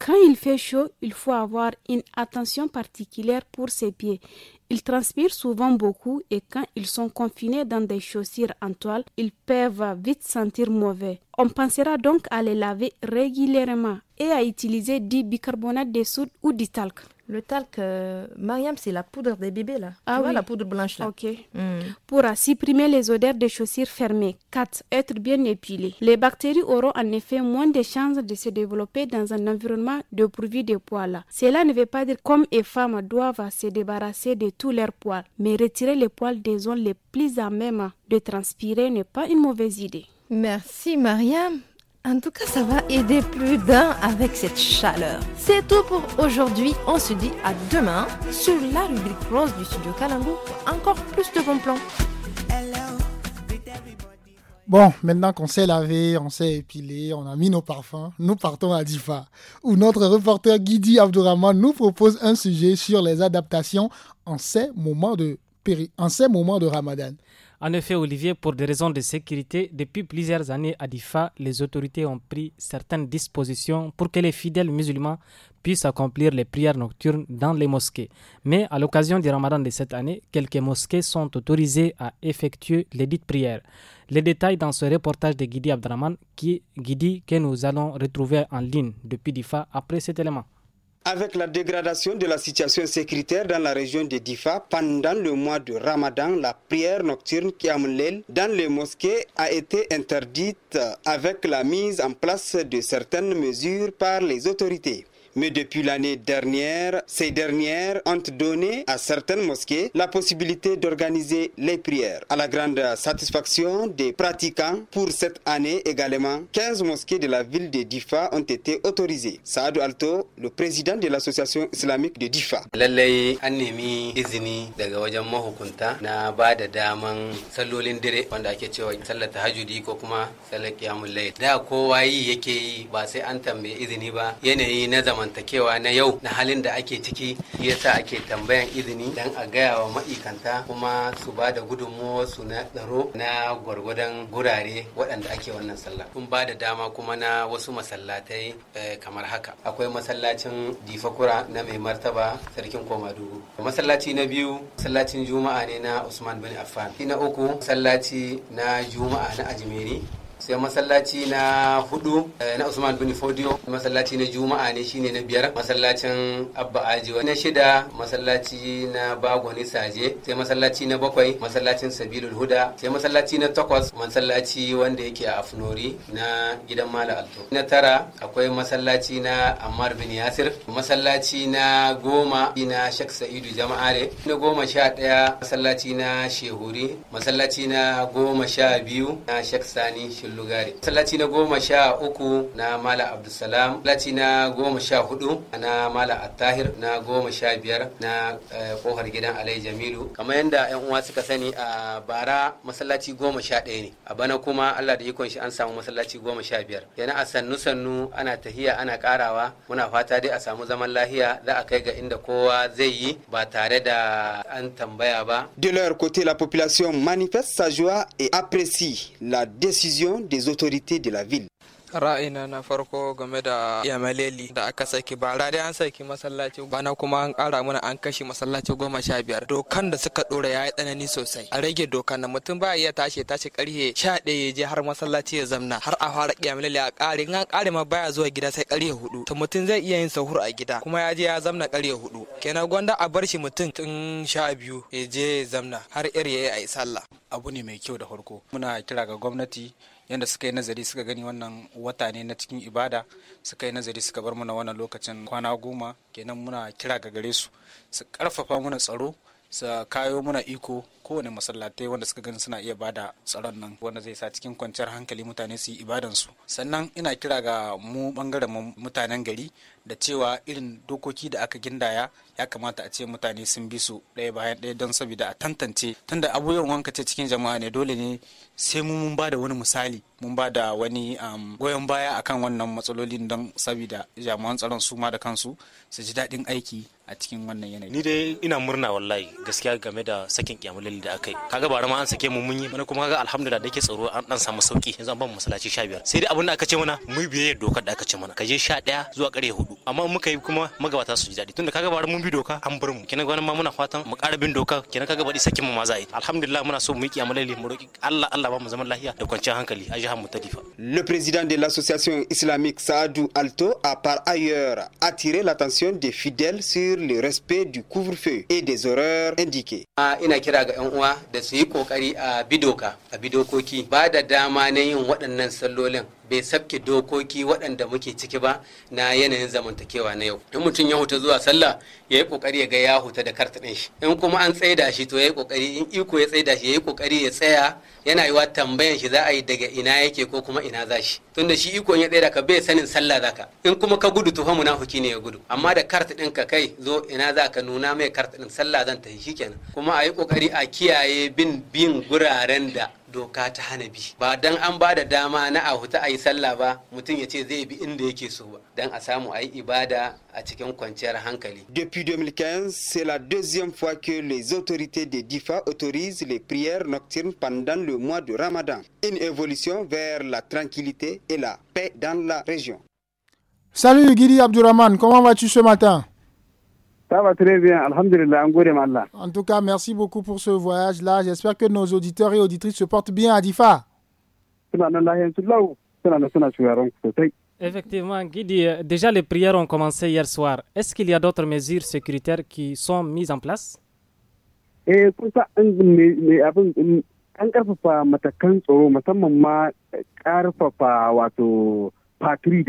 Quand il fait chaud, il faut avoir une attention particulière pour ses pieds. Ils transpirent souvent beaucoup et quand ils sont confinés dans des chaussures en toile, ils peuvent vite sentir mauvais. On pensera donc à les laver régulièrement à utiliser du bicarbonate de soude ou du talc. Le talc, euh, Mariam, c'est la poudre des bébés là. Ah oui. la poudre blanche là. Ok. Hmm. Pour supprimer les odeurs des chaussures fermées. 4. Être bien épilé. Les bactéries auront en effet moins de chances de se développer dans un environnement de de, de poils. Cela ne veut pas dire qu'hommes et femmes doivent se débarrasser de tous leurs poils, mais retirer les poils des zones les plus à même de transpirer n'est pas une mauvaise idée. Merci Mariam. En tout cas, ça va aider plus d'un avec cette chaleur. C'est tout pour aujourd'hui. On se dit à demain sur la rubrique rose du studio Kalango pour encore plus de bons plans. Bon, maintenant qu'on s'est lavé, on s'est épilé, on a mis nos parfums, nous partons à Difa, où notre reporter Guidi Abdourahman nous propose un sujet sur les adaptations en ces moments de, en ces moments de Ramadan. En effet, Olivier, pour des raisons de sécurité, depuis plusieurs années à Difa, les autorités ont pris certaines dispositions pour que les fidèles musulmans puissent accomplir les prières nocturnes dans les mosquées. Mais à l'occasion du ramadan de cette année, quelques mosquées sont autorisées à effectuer les dites prières. Les détails dans ce reportage de Guidi Abdraman, qui, Guidi, que nous allons retrouver en ligne depuis Difa après cet élément. Avec la dégradation de la situation sécuritaire dans la région de Difa pendant le mois de Ramadan, la prière nocturne qui dans les mosquées a été interdite avec la mise en place de certaines mesures par les autorités. Mais depuis l'année dernière, ces dernières ont donné à certaines mosquées la possibilité d'organiser les prières. À la grande satisfaction des pratiquants, pour cette année également, 15 mosquées de la ville de Difa ont été autorisées. Saad Alto, le président de l'association islamique de Difa. zamantakewa na yau na halin da ake ciki yasa ake tambayan izini dan a gaya wa ma'ikanta kuma su ba da gudunmuwa su na tsaro na gwargwadon gurare waɗanda ake wannan sallah kun ba da dama kuma na wasu masallatai eh, kamar haka akwai masallacin difakura na mai martaba sarkin komadugu masallaci na biyu masallacin juma'a ne na usman bin affan na uku masallaci na juma'a na ajimeri sai masallaci na hudu eh, na usman bin fodio masallaci na juma'a ne shine na biyar masallacin abba ajiwa na shida masallaci na ne saje sai masallaci na bakwai masallacin sabilul huda sai masallaci na takwas masallaci wanda yake a afnori na gidan mala alto na tara akwai masallaci na ammar bin yasir masallaci na goma na shek sa'idu jama'a ne na goma sha daya masallaci na shehuri masallaci na goma sha biyu na shek sani lugari masallaci na goma sha uku na mala abdulsalam masallaci na goma sha hudu na mala attahir na goma sha biyar na kohar eh, gidan alai jamilu kamar yadda yan uwa suka sani a bara masallaci goma sha ɗaya ne a bana kuma allah da ikon shi an samu masallaci goma sha biyar yana a sannu sannu ana tahiya ana karawa muna fata dai a samu zaman lahiya za a kai ga inda kowa zai yi ba tare da an tambaya ba. De leur côté, la population manifeste sa joie et apprécie la décision des autorités de la ville. ra'ayina na farko game da yamaleli da aka saki ba rari an saki masallaci bana kuma an kara mana an kashe masallaci goma sha biyar dokan da suka dora ya yi tsanani sosai a rage dokan na mutum ba iya tashi tashi karhe sha ɗaya ya je har masallaci ya zamna har a fara yamaleli a kare in an kare ma baya zuwa gida sai karhe hudu to mutum zai iya yin sahur a gida kuma ya je ya zamna karhe hudu kenan gwanda a bar shi mutum tun sha biyu ya je ya zamna har iri ya yi a yi sallah abu ne mai kyau da farko muna kira ga gwamnati yadda suka yi nazari suka gani wannan wata ne na cikin ibada suka yi nazari suka bar mana wannan lokacin kwana goma kenan muna kira ga gare su su karfafa mana tsaro sa kayo muna iko kowane masallatai wanda suka gani suna iya bada tsaron nan wanda zai sa cikin kwanciyar hankali mutane su yi ibadansu sannan ina kira ga mu bangaren mutanen gari da cewa irin dokoki da aka gindaya ya kamata a ce mutane sun bi su ɗaya bayan ɗaya don saboda a tantance tunda abubuwan wanka ce cikin jama'a ne dole ne sai mu mun bada wani misali mun bada wani goyon baya akan wannan matsalolin don saboda jami'an tsaron su ma da kansu su ji daɗin aiki a cikin wannan yanayi ni dai ina murna wallahi gaskiya game da sakin kiyamulil da akai yi kaga bara ma an sake mu mun yi mana kuma kaga alhamdulillah da yake tsaro an dan samu sauki yanzu an ba mu masallaci 15 sai dai abin da aka ce mana mu biye dokar da aka ce mana kaje 11 zuwa kare 4 amma muka yi kuma magabata su ji daɗi tunda kaga bara mun bi doka an bar mu kenan gwanin ma muna fatan mu ƙara bin doka kenan kaga baɗi sakin mu ma za yi alhamdulillah muna so mu yi kiyamulil mu roki Allah Allah ba mu zaman lafiya da kwanciyar hankali a jihar mu ta le président de l'association islamique Saadou Alto a par ailleurs attiré l'attention des fidèles sur le respect du couvre-feu et des horaires indiqués. A ah, ina kira ga 'yan uwa da su yi kokari a bidoka a bidokoki ba da dama na yin waɗannan sallolin bai sabke dokoki waɗanda muke ciki ba na yanayin zamantakewa na yau in mutum ya huta zuwa sallah ya yi kokari ya ga ya huta da karta ɗin shi in kuma an tsaida shi to ya yi kokari in iko ya tsaida shi ya yi kokari ya tsaya yana wa tambayan shi za a yi daga ina yake ko kuma ina za shi tunda shi iko ya tsaida ka bai sanin sallah zaka in kuma ka gudu to fa munafiki ne ya gudu amma da karta ɗin ka kai zo ina za ka nuna mai karta ɗin sallah zan ta shi kenan kuma a yi kokari a kiyaye bin bin guraren da Depuis 2015, c'est la deuxième fois que les autorités de DIFA autorisent les prières nocturnes pendant le mois de Ramadan. Une évolution vers la tranquillité et la paix dans la région. Salut Giri Abdurrahman, comment vas-tu ce matin ça va très bien, Alhamdulillah, En tout cas, merci beaucoup pour ce voyage-là. J'espère que nos auditeurs et auditrices se portent bien à Difa. Effectivement, Guidi, euh, déjà les prières ont commencé hier soir. Est-ce qu'il y a d'autres mesures sécuritaires qui sont mises en place pour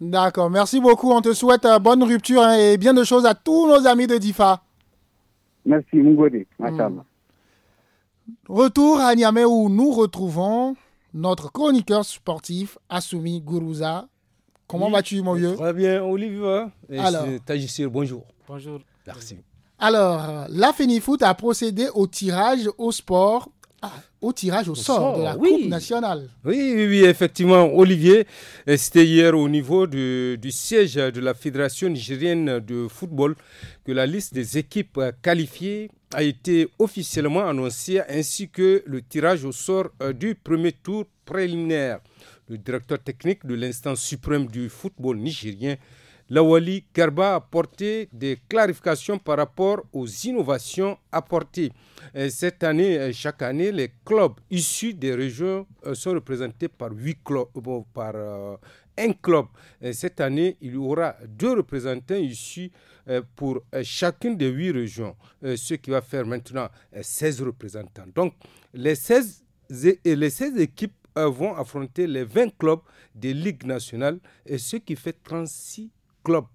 D'accord, merci beaucoup. On te souhaite euh, bonne rupture hein, et bien de choses à tous nos amis de DIFA. Merci, Mungode. Hmm. Retour à Niamey où nous retrouvons notre chroniqueur sportif, Assoumi Gourouza. Comment vas-tu, mon vieux Très bien, Olivier. Et Alors, bonjour. Bonjour. Merci. Alors, la Foot a procédé au tirage au sport. Ah, au tirage au, sort, de la Coupe nationale. Oui, oui, effectivement, Olivier, c'était hier au niveau du, du, siège de la Fédération nigérienne de football que la liste des équipes qualifiées a été officiellement annoncée, ainsi que le tirage au sort euh, du premier tour préliminaire. Le directeur technique de l'instance suprême du football nigérien, Lawali Kerba a apporté des clarifications par rapport aux innovations apportées. Cette année, chaque année, les clubs issus des régions euh, sont représentés par huit clubs, euh, par euh, un club. Cette année, il y aura deux représentants issus pour chacune des huit régions, ce qui va faire maintenant 16 représentants. Donc, les 16, les 16 équipes vont affronter les 20 clubs des ligues nationales, ce qui fait 36 clubs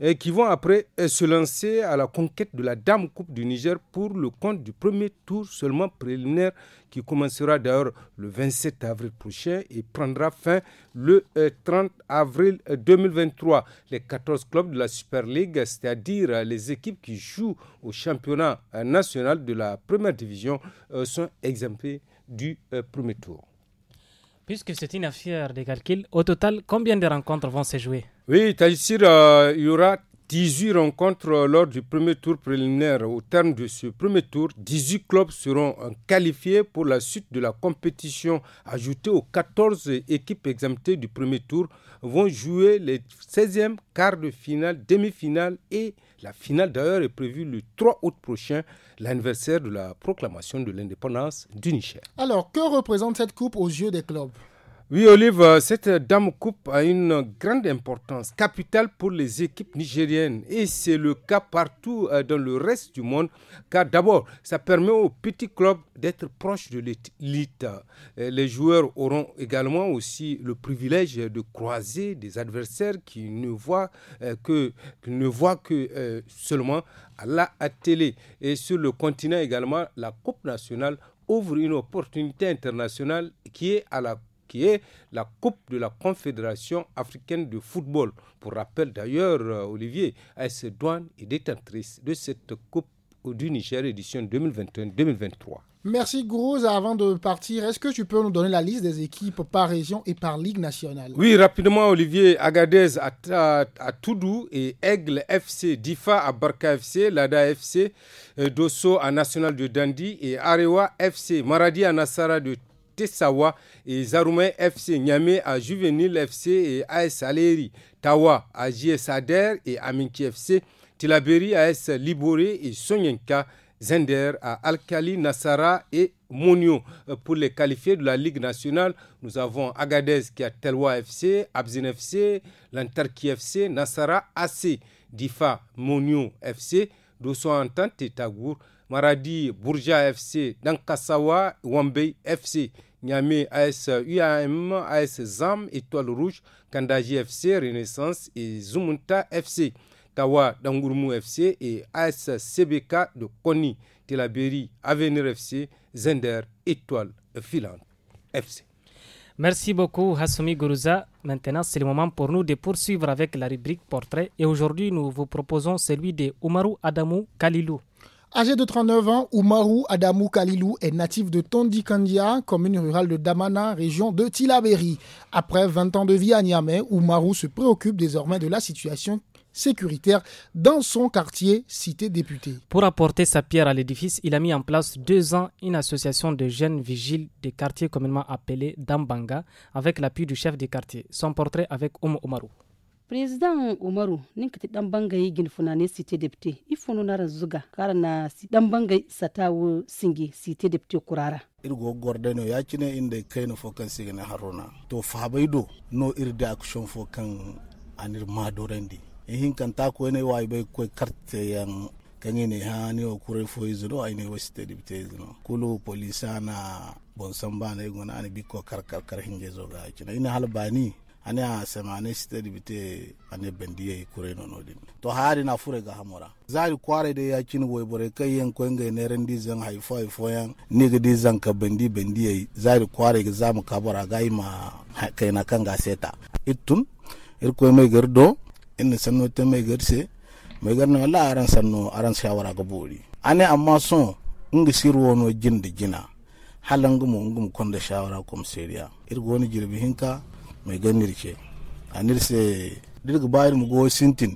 et qui vont après euh, se lancer à la conquête de la Dame Coupe du Niger pour le compte du premier tour seulement préliminaire qui commencera d'ailleurs le 27 avril prochain et prendra fin le 30 euh, avril 2023. Euh, les 14 clubs de la Super League, c'est-à-dire les équipes qui jouent au championnat national de la première division, sont exemptés du premier tour. Puisque c'est une affaire de calcul, au total, combien de rencontres vont se jouer oui, Taïsir, euh, il y aura 18 rencontres lors du premier tour préliminaire. Au terme de ce premier tour, 18 clubs seront euh, qualifiés pour la suite de la compétition. Ajoutés aux 14 équipes exemptées du premier tour, vont jouer les 16e, quart de finale, demi-finale et la finale d'ailleurs est prévue le 3 août prochain, l'anniversaire de la proclamation de l'indépendance du Niger. Alors, que représente cette coupe aux yeux des clubs oui, Olive, cette Dame Coupe a une grande importance capitale pour les équipes nigériennes et c'est le cas partout euh, dans le reste du monde car d'abord, ça permet aux petits clubs d'être proches de l'élite. Euh, les joueurs auront également aussi le privilège de croiser des adversaires qui ne voient euh, que, ne voient que seulement à la télé. Et sur le continent également, la Coupe nationale ouvre une opportunité internationale qui est à la qui est la Coupe de la Confédération africaine de football. Pour rappel d'ailleurs, euh, Olivier, AS Douane est détentrice de cette Coupe du Niger édition 2021-2023. Merci Gros. Avant de partir, est-ce que tu peux nous donner la liste des équipes par région et par ligue nationale Oui, rapidement Olivier. Agadez à, Toudou et Aigle FC, Difa à Barca FC, Lada FC, euh, Dosso à National de Dandi et Arewa FC, Maradi à Nassara de Tessawa et Zaroumé FC, Nyame à Juvenil FC et AS Aleri, Tawa à JS Sader et Aminki FC, Tilaberi AS Liboré et Sonyenka, Zender à Alkali, Nassara et Monio. Euh, pour les qualifiés de la Ligue nationale, nous avons Agadez qui a Telwa FC, Abzin FC, Lantarki FC, Nassara AC, Difa, Monio FC, Dosso Entente et Tagour. Maradi, Bourja FC, Dankasawa, Wambei FC, Nyame AS UAM, AS ZAM, Étoile Rouge, Kandaji FC, Renaissance et Zumunta FC, Kawa Dangourmou FC et AS CBK de Koni, Telaberi, Avenir FC, Zender, Étoile Finlande FC. Merci beaucoup Hassoumi Gourouza. Maintenant, c'est le moment pour nous de poursuivre avec la rubrique portrait et aujourd'hui nous vous proposons celui de Oumarou Adamou Kalilou. Âgé de 39 ans, Oumarou Adamou Kalilou est natif de Tondikandia, commune rurale de Damana, région de Tilaberi. Après 20 ans de vie à Niamey, Oumarou se préoccupe désormais de la situation sécuritaire dans son quartier cité député. Pour apporter sa pierre à l'édifice, il a mis en place deux ans une association de jeunes vigiles des quartiers communément appelés Dambanga avec l'appui du chef des quartiers. Son portrait avec Oumarou. president umaru ninkati dan bangayi gin funane site i funu nara zuga kara na si dan bangayi satawo singi site depte kurara irgo gorde no yakine inde kaino fokan n'a haruna to do. no irde action fokan anir E hin kan ta ko ne wai bai ko karte yang kan ne ha ne o kure fo izuro ai ne wasite dipte izuro kulu polisana na bon samba ne gona ne bikko kar kar kar hinje zo ga ina halbani ane semane ane sitedi bite ane bendiye kure nono din to hari na fure ga hamora zari kware de ya kin woy e bore kai yen ko ngai ne rendi zan hai foy e foyan ni ga di zan ka bendi bendiye zari kware ga zamu kabara ga ima kai na kan ga seta itun ir ko mai gardo in sanno te mai garse mai garno wala aran sanno aran shawara ga bori ane amma son inga sirwo no jin da jina halangumu ngum konda shawara kom seriya ir goni jirbi hinka mai a nirse dirga bayar mu go sintin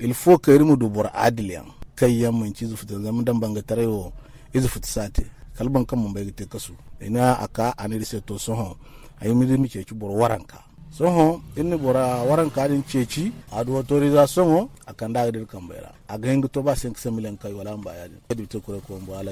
il faut que mu du adiliyan adilian kai yan mun ci zufuta zaman dan banga tarayo izufuta sati kalban kan mun bai te kasu ina aka nirse to soho a yi mu ce ci bor waranka soho ni bora waranka din ceci a duwa tori za soho a kan bayra ga yin to ba sen kisa miliyan kai wala mbaya din ta kure ko mbo ala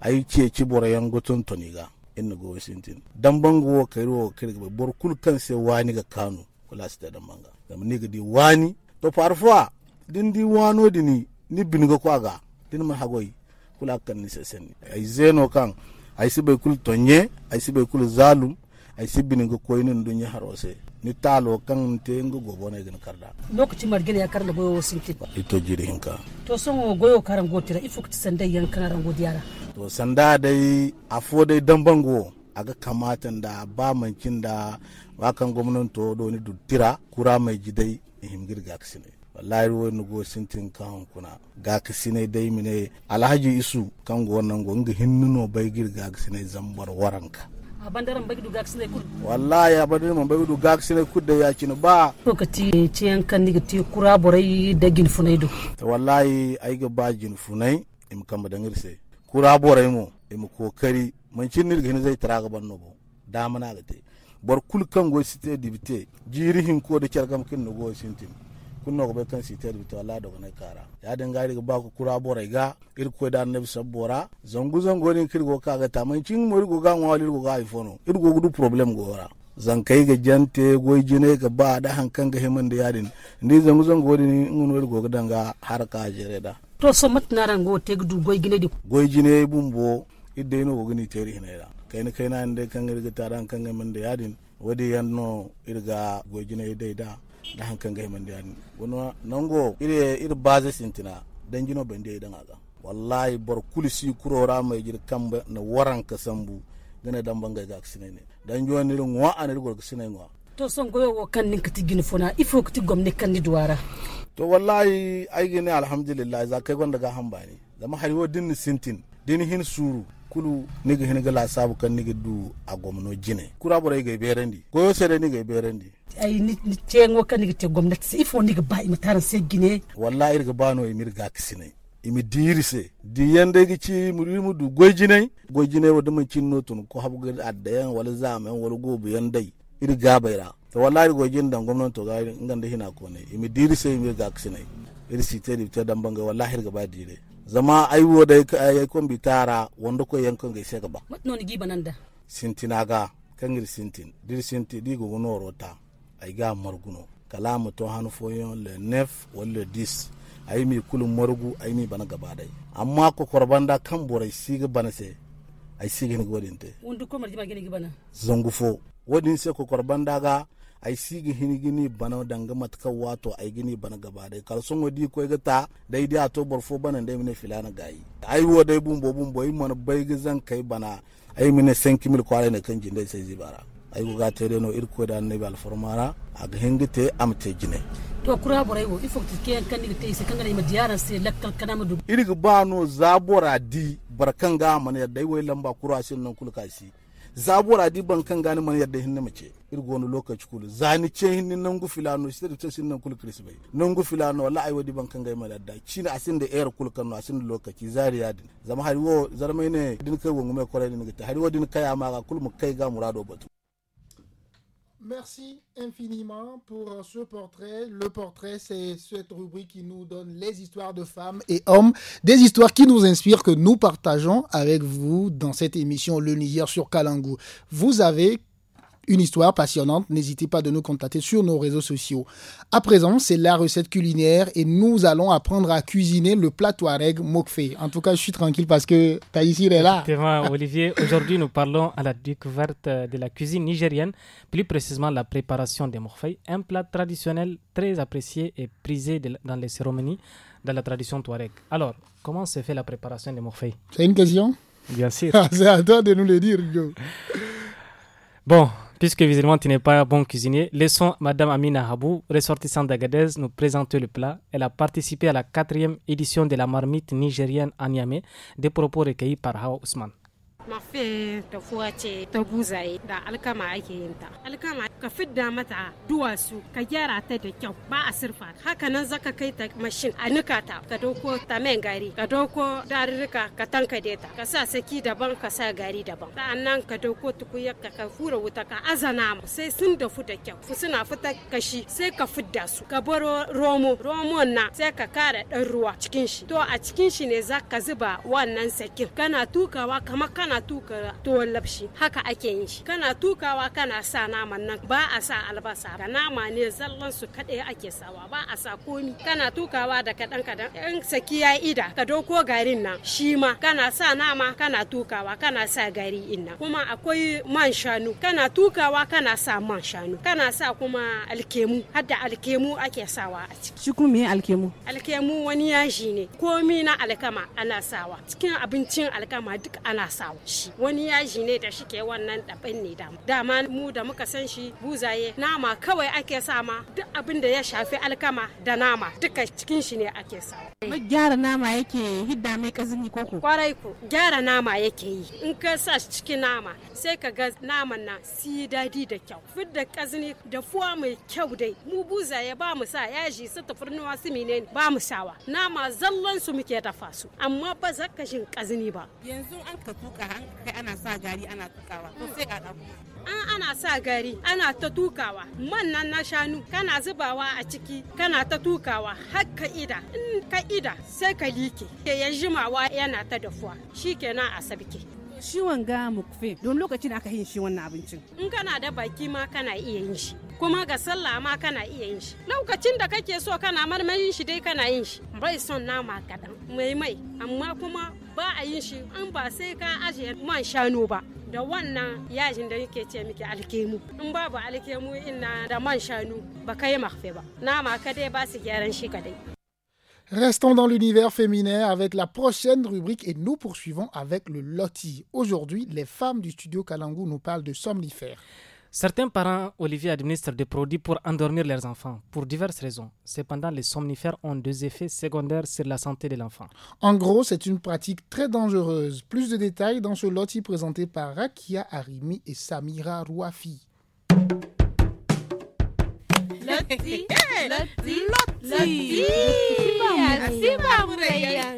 a yi ceci bora yan goton toniga inna go washington dan bango kairo ga bor kul kan se wani ga kano kula sta dan manga da ni ga di wani to parfois din di wano di ni bin ga kwaga din ma hagoi kula kan ni sesen ai zeno kan ai sibai kul tonye ai sibai kul zalum ai sibini ga koyin dunya har ni talo kan te ngi gobo ne gin karda lokaci margina ya karna goyo sin ba ito jiri hinka to son goyo karan gotira ifuk ti sanda yan karan godiyara to sanda dai afo dai dambango aga kamata da ba mankin da wakan gwamnan to do ni tira. kura mai jidai himgir gaksine wallahi ruwa ni go sintin kan kuna ga ne dai mine alhaji isu kan go wannan go ngi hinnuno bai gir ga ne zambar waranka wallahi a du gaksi ne kud wallahi abandara mbagi du gaksi ne kud da yakin ba ci ce kan ni ti kura borai da gin funai do wallahi ai ga ba gin funai im kamba da ngirse kura borai mu im kokari man cin ni gani zai tara gaban no bo da mana ga te bor kul kan go site dibite jirihin ko da kyargam kin no go sintin kunno ko be kan si ter bito Allah dogo ne kara ya den gari ba ko kura bora ga ir ko da ne bora. zangu zango ne kirgo ta man cin mori go ga ngwali go ga ifono ir go gudu problem go ora kai ga jante goy jine ga ba da hankan ga himan da yadin ni zangu zango ne ngun go danga har ka jere da to so ran go te gudu goy gine di goy jine bumbo idde no go gini teri hinera kai na inde kan ta ran kan ga man da yadin wadi yanno irga goy jine dai da da hankan gai man dani wani nango ire ir baze sintina dan jino bande dan aga wallahi bar kulisi kurora mai jir kamba na waran ka sambu gane dan banga ga sine ne dan jo ni wa an gor sine ngwa to son goyo wo kan ninka ti gina fona ifo ti gomne kan ni duwara to wallahi ai gine alhamdulillah za kai gonda ga ne zama hariwo wo din sintin din hin suru kulu niga hiniga la sabu kan niga du a gwamno jine kura bora ga berendi goyo sere niga berendi ay ni ce ngo kan niga te gwamnati sai ifo niga ba taran se gine wallahi irga bano imirga kisine imi dirise di yende gi ci muri mu du gojine jine wa dum cin notun ko habga addayan wala zame wala gobu yandai irga bayra to wallahi gojin dan to ga nganda hina ko ne imi dirise imi ga kisine irsi te di te dambanga banga wallahi irga ba dire zama aiwo da ya kon tara wanda ko yankon ga ise gaba matno ni giba nan da kan kangir sintin dir sinti digo wono rota ay ga marguno kala mutum hannu foyon le nef wala dis a yi mai kulin margu a yi mai bana gaba dai amma ko korban da kan borai si ga bana se a yi si gani godin te wanda ko ma gani gibana zangufo wadin se ko korban da ga ai sigi hini gini bana danga matka wato ai gini bana gabare kalson wadi ko ga ta dai dai to borfo bana dai mine filana gayi ai wo dai bumbo bumbo ai man bai ga zan kai bana ai mine 5 mil kwara ne kan jinde sai zibara ai go ga tere no ko da ne bal formara aga am te jine to kura borai wo ifo ken kan ni te se kangana ma madiyara sai lakkal kana mu du irig bano zabora di barkan ga man dai wai lamba kura shin nan kulka zabura di ban kan gani man yadda hinna mace wani lokaci kulu zani ce hinni nan gu filano shi da tsin nan kulu kris bai nan gu filano wala ai wadi ban kan gai ci na asin da air kulu kan asin da lokaci zariya din zama hariwo zarmai ne din kai wangu mai kore din ta hariwo din kai amaga kulu mu kai ga murado batu Merci infiniment pour euh, ce portrait. Le portrait, c'est cette rubrique qui nous donne les histoires de femmes et hommes, des histoires qui nous inspirent, que nous partageons avec vous dans cette émission Le Niger sur Kalangou. Vous avez une histoire passionnante, n'hésitez pas de nous contacter sur nos réseaux sociaux. À présent, c'est la recette culinaire et nous allons apprendre à cuisiner le plat Touareg Mokfei. En tout cas, je suis tranquille parce que Taïsir est là. Exactement, Olivier. Aujourd'hui, nous parlons à la découverte de la cuisine nigérienne, plus précisément la préparation des Mokfei, un plat traditionnel très apprécié et prisé dans les cérémonies de la tradition Touareg. Alors, comment se fait la préparation des Mokfei C'est une question Bien sûr. Ah, c'est à toi de nous le dire, Joe. Bon, Puisque visiblement tu n'es pas bon cuisinier, laissons Madame Amina Habou, ressortissante d'Agadez, nous présenter le plat. Elle a participé à la quatrième édition de la marmite nigérienne à des propos recueillis par Hawa Ousmane. ta tafuwa ce ta buzaye da alkama ake yin ta alkama ka fidda mata duwatsu ka gyara ta da kyau ba a sirfa haka nan zaka kai ta mashin a nika ta ka doko mai gari ka doko darurruka ka tanka ta ka sa saki daban ka sa gari daban sa'annan ka doko tukuya ka ka fura wuta ka azana sai sun dafu da kyau suna fita kashi sai ka fidda su ka baro romo romon na sai ka kara dan ruwa cikin shi to a cikin shi ne zaka zuba wannan sakin kana tukawa kamar kana kana tuka tuwon lafshi haka ake yin shi kana tukawa kana sa naman nan ba a sa albasa da nama ne zallan su kadai ake sawa ba a sa komi kana tukawa da kadan kadan in saki ya ida ka dauko garin nan shi ma kana sa nama kana tukawa kana sa gari inna kuma akwai man shanu kana tukawa kana sa man shanu kana sa kuma alkemu hadda alkemu ake sawa a ciki shi kuma me alkemu alkemu wani yaji ne komi na alkama ana sawa cikin abincin alkama duk ana sawa shi wani yaji ne da shike wannan ɗabin ne da dama mu da muka san shi buzaye nama kawai ake sa ma duk abin da ya shafi alkama da nama duka cikin shi ne ake sa gyara nama yake hidda mai kazini ku kwarai ko gyara nama yake yi in ka sa cikin nama sai ka ga naman na si dadi da kyau fidda kazini da fuwa mai kyau dai mu buzaye ba mu sa yaji su tafurnuwa su menene ba mu sawa nama zallan su muke dafa su amma ba zaka jin kazini ba yanzu an ka tuka an kai ana sa gari ana tukawa to sai ka an ana sa gari ana ta tukawa man na shanu kana zubawa a ciki kana ta tukawa har ka ida in ka ida sai ka like ya jimawa yana ta dafuwa shikenan a sabke ga wanga mukfe don lokacin aka yin shi wannan abincin in kana da baki ma kana iya yin shi kuma ga sallah ma kana iya yin shi lokacin da kake so kana marmarin shi dai kana yin shi bai son nama kaɗan mai mai amma kuma ba a yin shi an ba sai ka ajiye man shanu ba da wannan yajin da yake ce miki alkemu in babu alkemu ina da man shanu ba ka yi mafi ba nama ka dai ba su gyaran shi dai. Restons dans l'univers féminin avec la prochaine rubrique et nous poursuivons avec le loti. Aujourd'hui, les femmes du studio Kalangu nous parlent de somnifères. Certains parents, Olivier, administrent des produits pour endormir leurs enfants, pour diverses raisons. Cependant, les somnifères ont deux effets secondaires sur la santé de l'enfant. En gros, c'est une pratique très dangereuse. Plus de détails dans ce loti présenté par Rakia Arimi et Samira Rouafi. Lotzi, Lotzi, Lotzi. Assim vamos, Reian.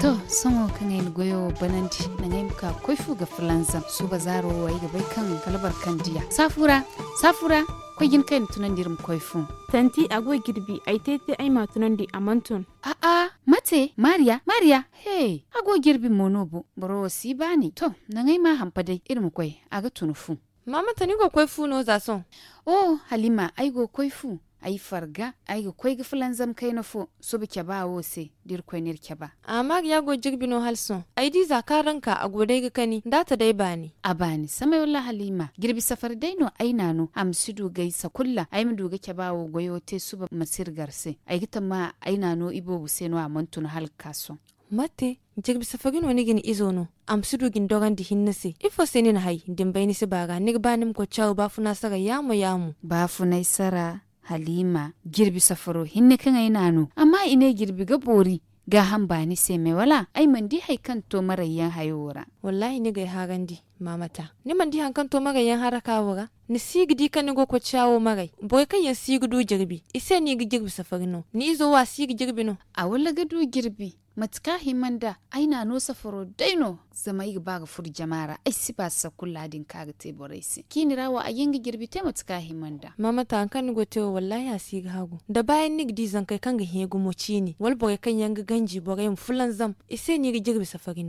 To, son wa kan yi goyo bananti. ka kwaifu ga fulansa su ba zaro wai ga bai kan kalabar kan diya safura safura kwagin kai tunan dirim kwaifu. tanti agoi girbi ai tete ai ma tunan di amantun a a mate maria maria hey agoi girbi bu. baro si ne. to na ngai ma hampa dai irin kwai aga tunufu mama tani go kwaifu no zason oh halima ai go kwaifu. ay farga ay ga koy ga filan zam kai fo so bi ba wo se dir koy nir ba amma ya go no halson ai di zakaran ranka a gode ga kani data dai bani a bani samai halima girbi safar dai no ai nano amsidu gaisa kulla ai mu ga kaba bawo goyo te suba masir garse ai gita ma ai nano ibo buseno a hal kaso. mate safar safagin wani gini izo no am sudu gin dogan di hinna se ifo seni na hai din bayni se baga nig banim ko chaw bafu ya yamu yamu bafu na isara halima girbi safaro hinne kan nanu amma ina girbi ga bori ga hambani sai mai wala ai mandi hai kan to marayyan hayora wallahi ni gai hagandi mamata ni mandi han kan to marayyan haraka wora ni sigidi kan go ko chawo marai boy kan yan sigdu jirbi ise ni gi girbi safarino ni zo wa sigi jirbi no a wala ga du girbi matka himanda aina nosa foro daino zama ba ga fur jamara ai si ba sa kula din kaga te boraisi kini rawa a yin girbi te himan da mama ta an kan gote wallahi a si hagu da bayan ni gidi zan kai kan ga hegu ci ni wal boye kan yanga ganji yin fulan zam ise ni ga girbi safari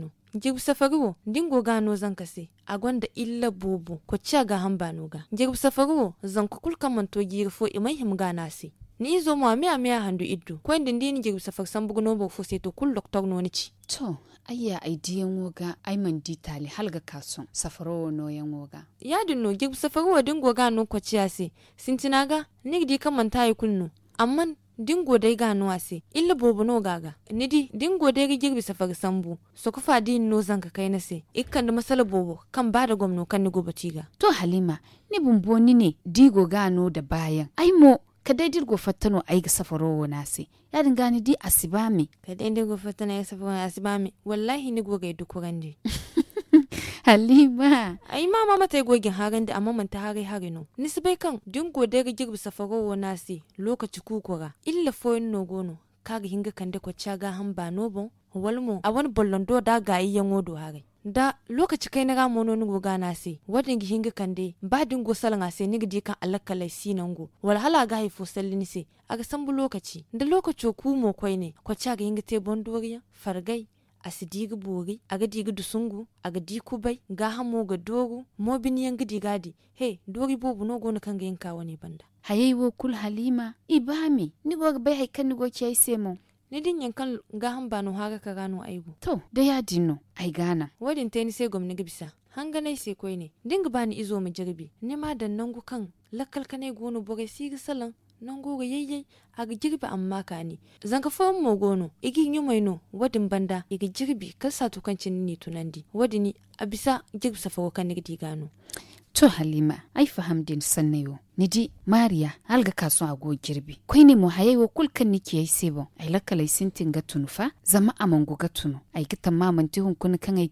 wo safaruwo dingo gano zan kase a gwanda illa bobo ko ci ga hamba noga safari wo zan kukul kan manto girfo imai him gana si ni zo mo mi ami handu iddu ko ndin gi safar faksan bugno bo fo se to kul doktor no ni ci to ayya ngoga woga man ditali halga kaso safaro no yan woga yadin no gi safaro wadin goga no ko ciyasi sintinaga ni di kamanta yi kunno amman dingo dai gano ase illa bobo no gaga nidi dingo dai ga girbi safar sambu so kufa din no zanka kai na se ikkan da masala bobo kan bada gwamno kan ni gobe tiga to halima ni bumbo ni ne digo gano da bayan ai mo ka kadai dirgo fattano aiga safaro ya dinga ni di ka kadai dirgo fattano aiga safaro asibame wallahi ni goga yadda randi. Halima. Ai mama mata gogin harin da amma manta hare hare no. Nisi bai kan dingo da ga girbi safaro nasi lokaci kukura. Illa foyin no gono. ga hinga kan da kwacha ga han ba bon Walmo a wani bollon do da ga yi yan wodo hare. da lokaci kai ga mono goga gana se wadin gi hinga kande ba dingo salnga se ni gidi kan alakkala sinango walhala ga haifo sallin se aga sambu lokaci da lokaci ku mo koi ne ko ga hinga te bondoriya fargai asidigi bori aga digi dusungu aga di kubai ga hamo ga dogu mo biniyan gidi gadi he dori bobu no gona kan ga yinka wani banda hayai wo kul halima ibami ni go bai kan ni go kiyai semo ni din yankan ga hamba no haga ka gano aibu to da ya dinno ai gana wadin ta ni sai gwamni gibisa hanga nai sai koi ne dinga bani izo mu jirbi ni ma dan nan gu kan lakkal kanai gono si sigi salan nan ga yayyai a ga jirbi amma ka ni zan ka fawon mo gono igi nyu mai no wadin banda iga jirbi kan sa tukancin ni tunandi wadini a bisa jirbi kan ni gano to halima ai fahamdin sannayo nidi mariya alga kaso ago jirbi koine mo hayai wo kulkan niki ai sebo ai tunu fa zama amango gatunu. ai kun kan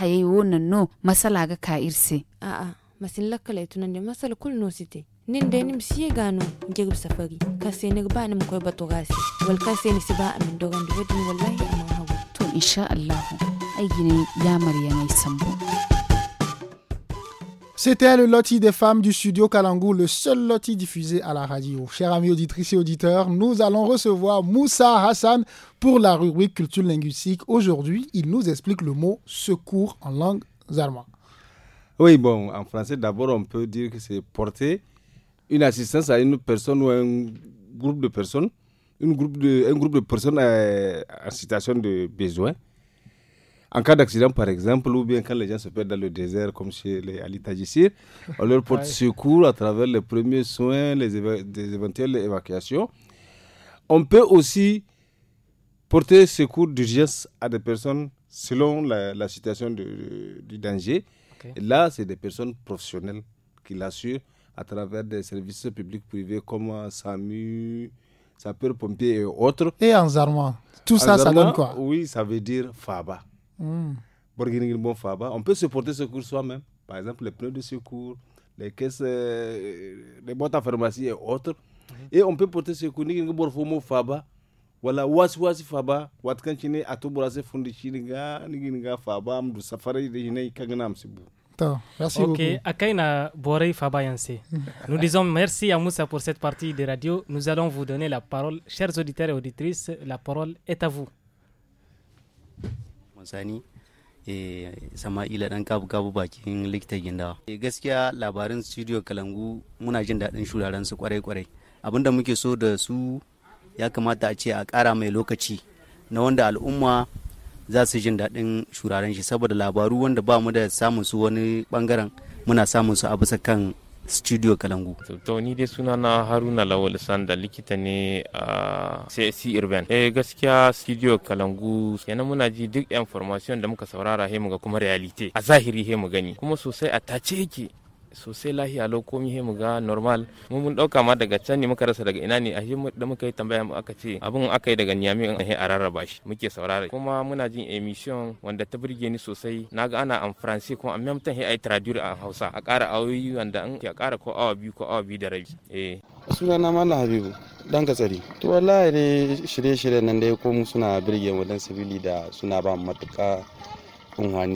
ai no masala ga ka irse a a masin lakala tunan kul no site nin si nim siye gano jirbi safari ka sai ni ba ni mu koi wal ka sai ni Allah ai ya mariya mai c'était le loti des femmes du studio Kalangou, le seul loti diffusé à la radio. Chers amis auditrices et auditeurs, nous allons recevoir Moussa Hassan pour la rubrique culture linguistique. Aujourd'hui, il nous explique le mot secours en langue zarma. Oui, bon, en français, d'abord, on peut dire que c'est porter une assistance à une personne ou à un groupe de personnes, groupe de, un groupe de personnes euh, en situation de besoin en cas d'accident, par exemple, ou bien quand les gens se perdent dans le désert, comme chez les Ali on leur porte secours à travers les premiers soins, les éventuelles évacuations. On peut aussi porter secours d'urgence à des personnes selon la, situation de, du danger. là, c'est des personnes professionnelles qui l'assurent à travers des services publics privés comme SAMU, sapeurs-pompiers et autres. Et en Zarmouan, Tout ça, ça donne quoi Oui, ça veut dire FABA. Mmh. Bon Faba, on peut se porter secours soi-même. Par exemple, les pneus de secours, les caisses, euh, les boîtes à pharmacie et autres. Et on peut porter secours. Ningin bon Fomo Faba. Voilà, wasi wasi Faba, wat kanchine atoburase fundichi nga, ningin Faba, du safari de jine kagnam sibu. Merci beaucoup. ok, Akaina Borei Fabayansé. Nous disons merci à Moussa pour cette partie de radio. Nous allons vous donner la parole. Chers auditeurs et auditrices, la parole est à vous. sani Sani eh, Sama'ila dan kabu kabu bakin likita gindawa. Eh, gaskiya labarin studio Kalangu muna jin daɗin shuraren su kwarai kwarai. Abinda muke so da su ya kamata a ce a ƙara mai lokaci na wanda al'umma za su jin daɗin shuraren shi saboda labaru wanda ba mu da samun su wani bangaren muna samun su a bisa kan studio kalangu to ni dai suna na haruna lawal sanda likita ne a csc urban eh gaskiya studio kalangu kenan muna ji duk information da muka saurara he mu ga kuma realite a zahiri he mu gani kuma sosai a tace yake sosai lahiya lo komi mu ga normal mu mun dauka ma daga can ne muka rasa daga ina ne a shi da muka yi tambaya mu aka ce abun aka yi daga niyami an a rarraba shi muke saurara kuma muna jin emission wanda ta burge ni sosai naga ana an faransi mem tan he ai traduire a Hausa a kara awoyi wanda an ke kara ko awa biyu ko awa biyu da rabi eh na Malam Habibu dan katsari to wallahi ne shirye-shiryen nan da ya komo suna birge mu dan sabili da suna ba matuka. Chers amis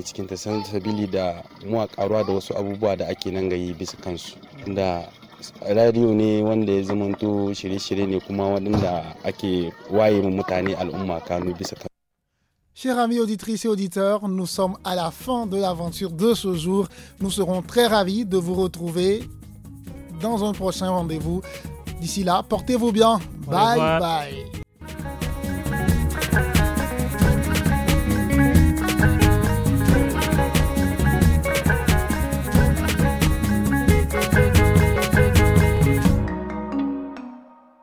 auditrices et auditeurs, nous sommes à la fin de l'aventure de ce jour. Nous serons très ravis de vous retrouver dans un prochain rendez-vous. D'ici là, portez-vous bien. Bye bye.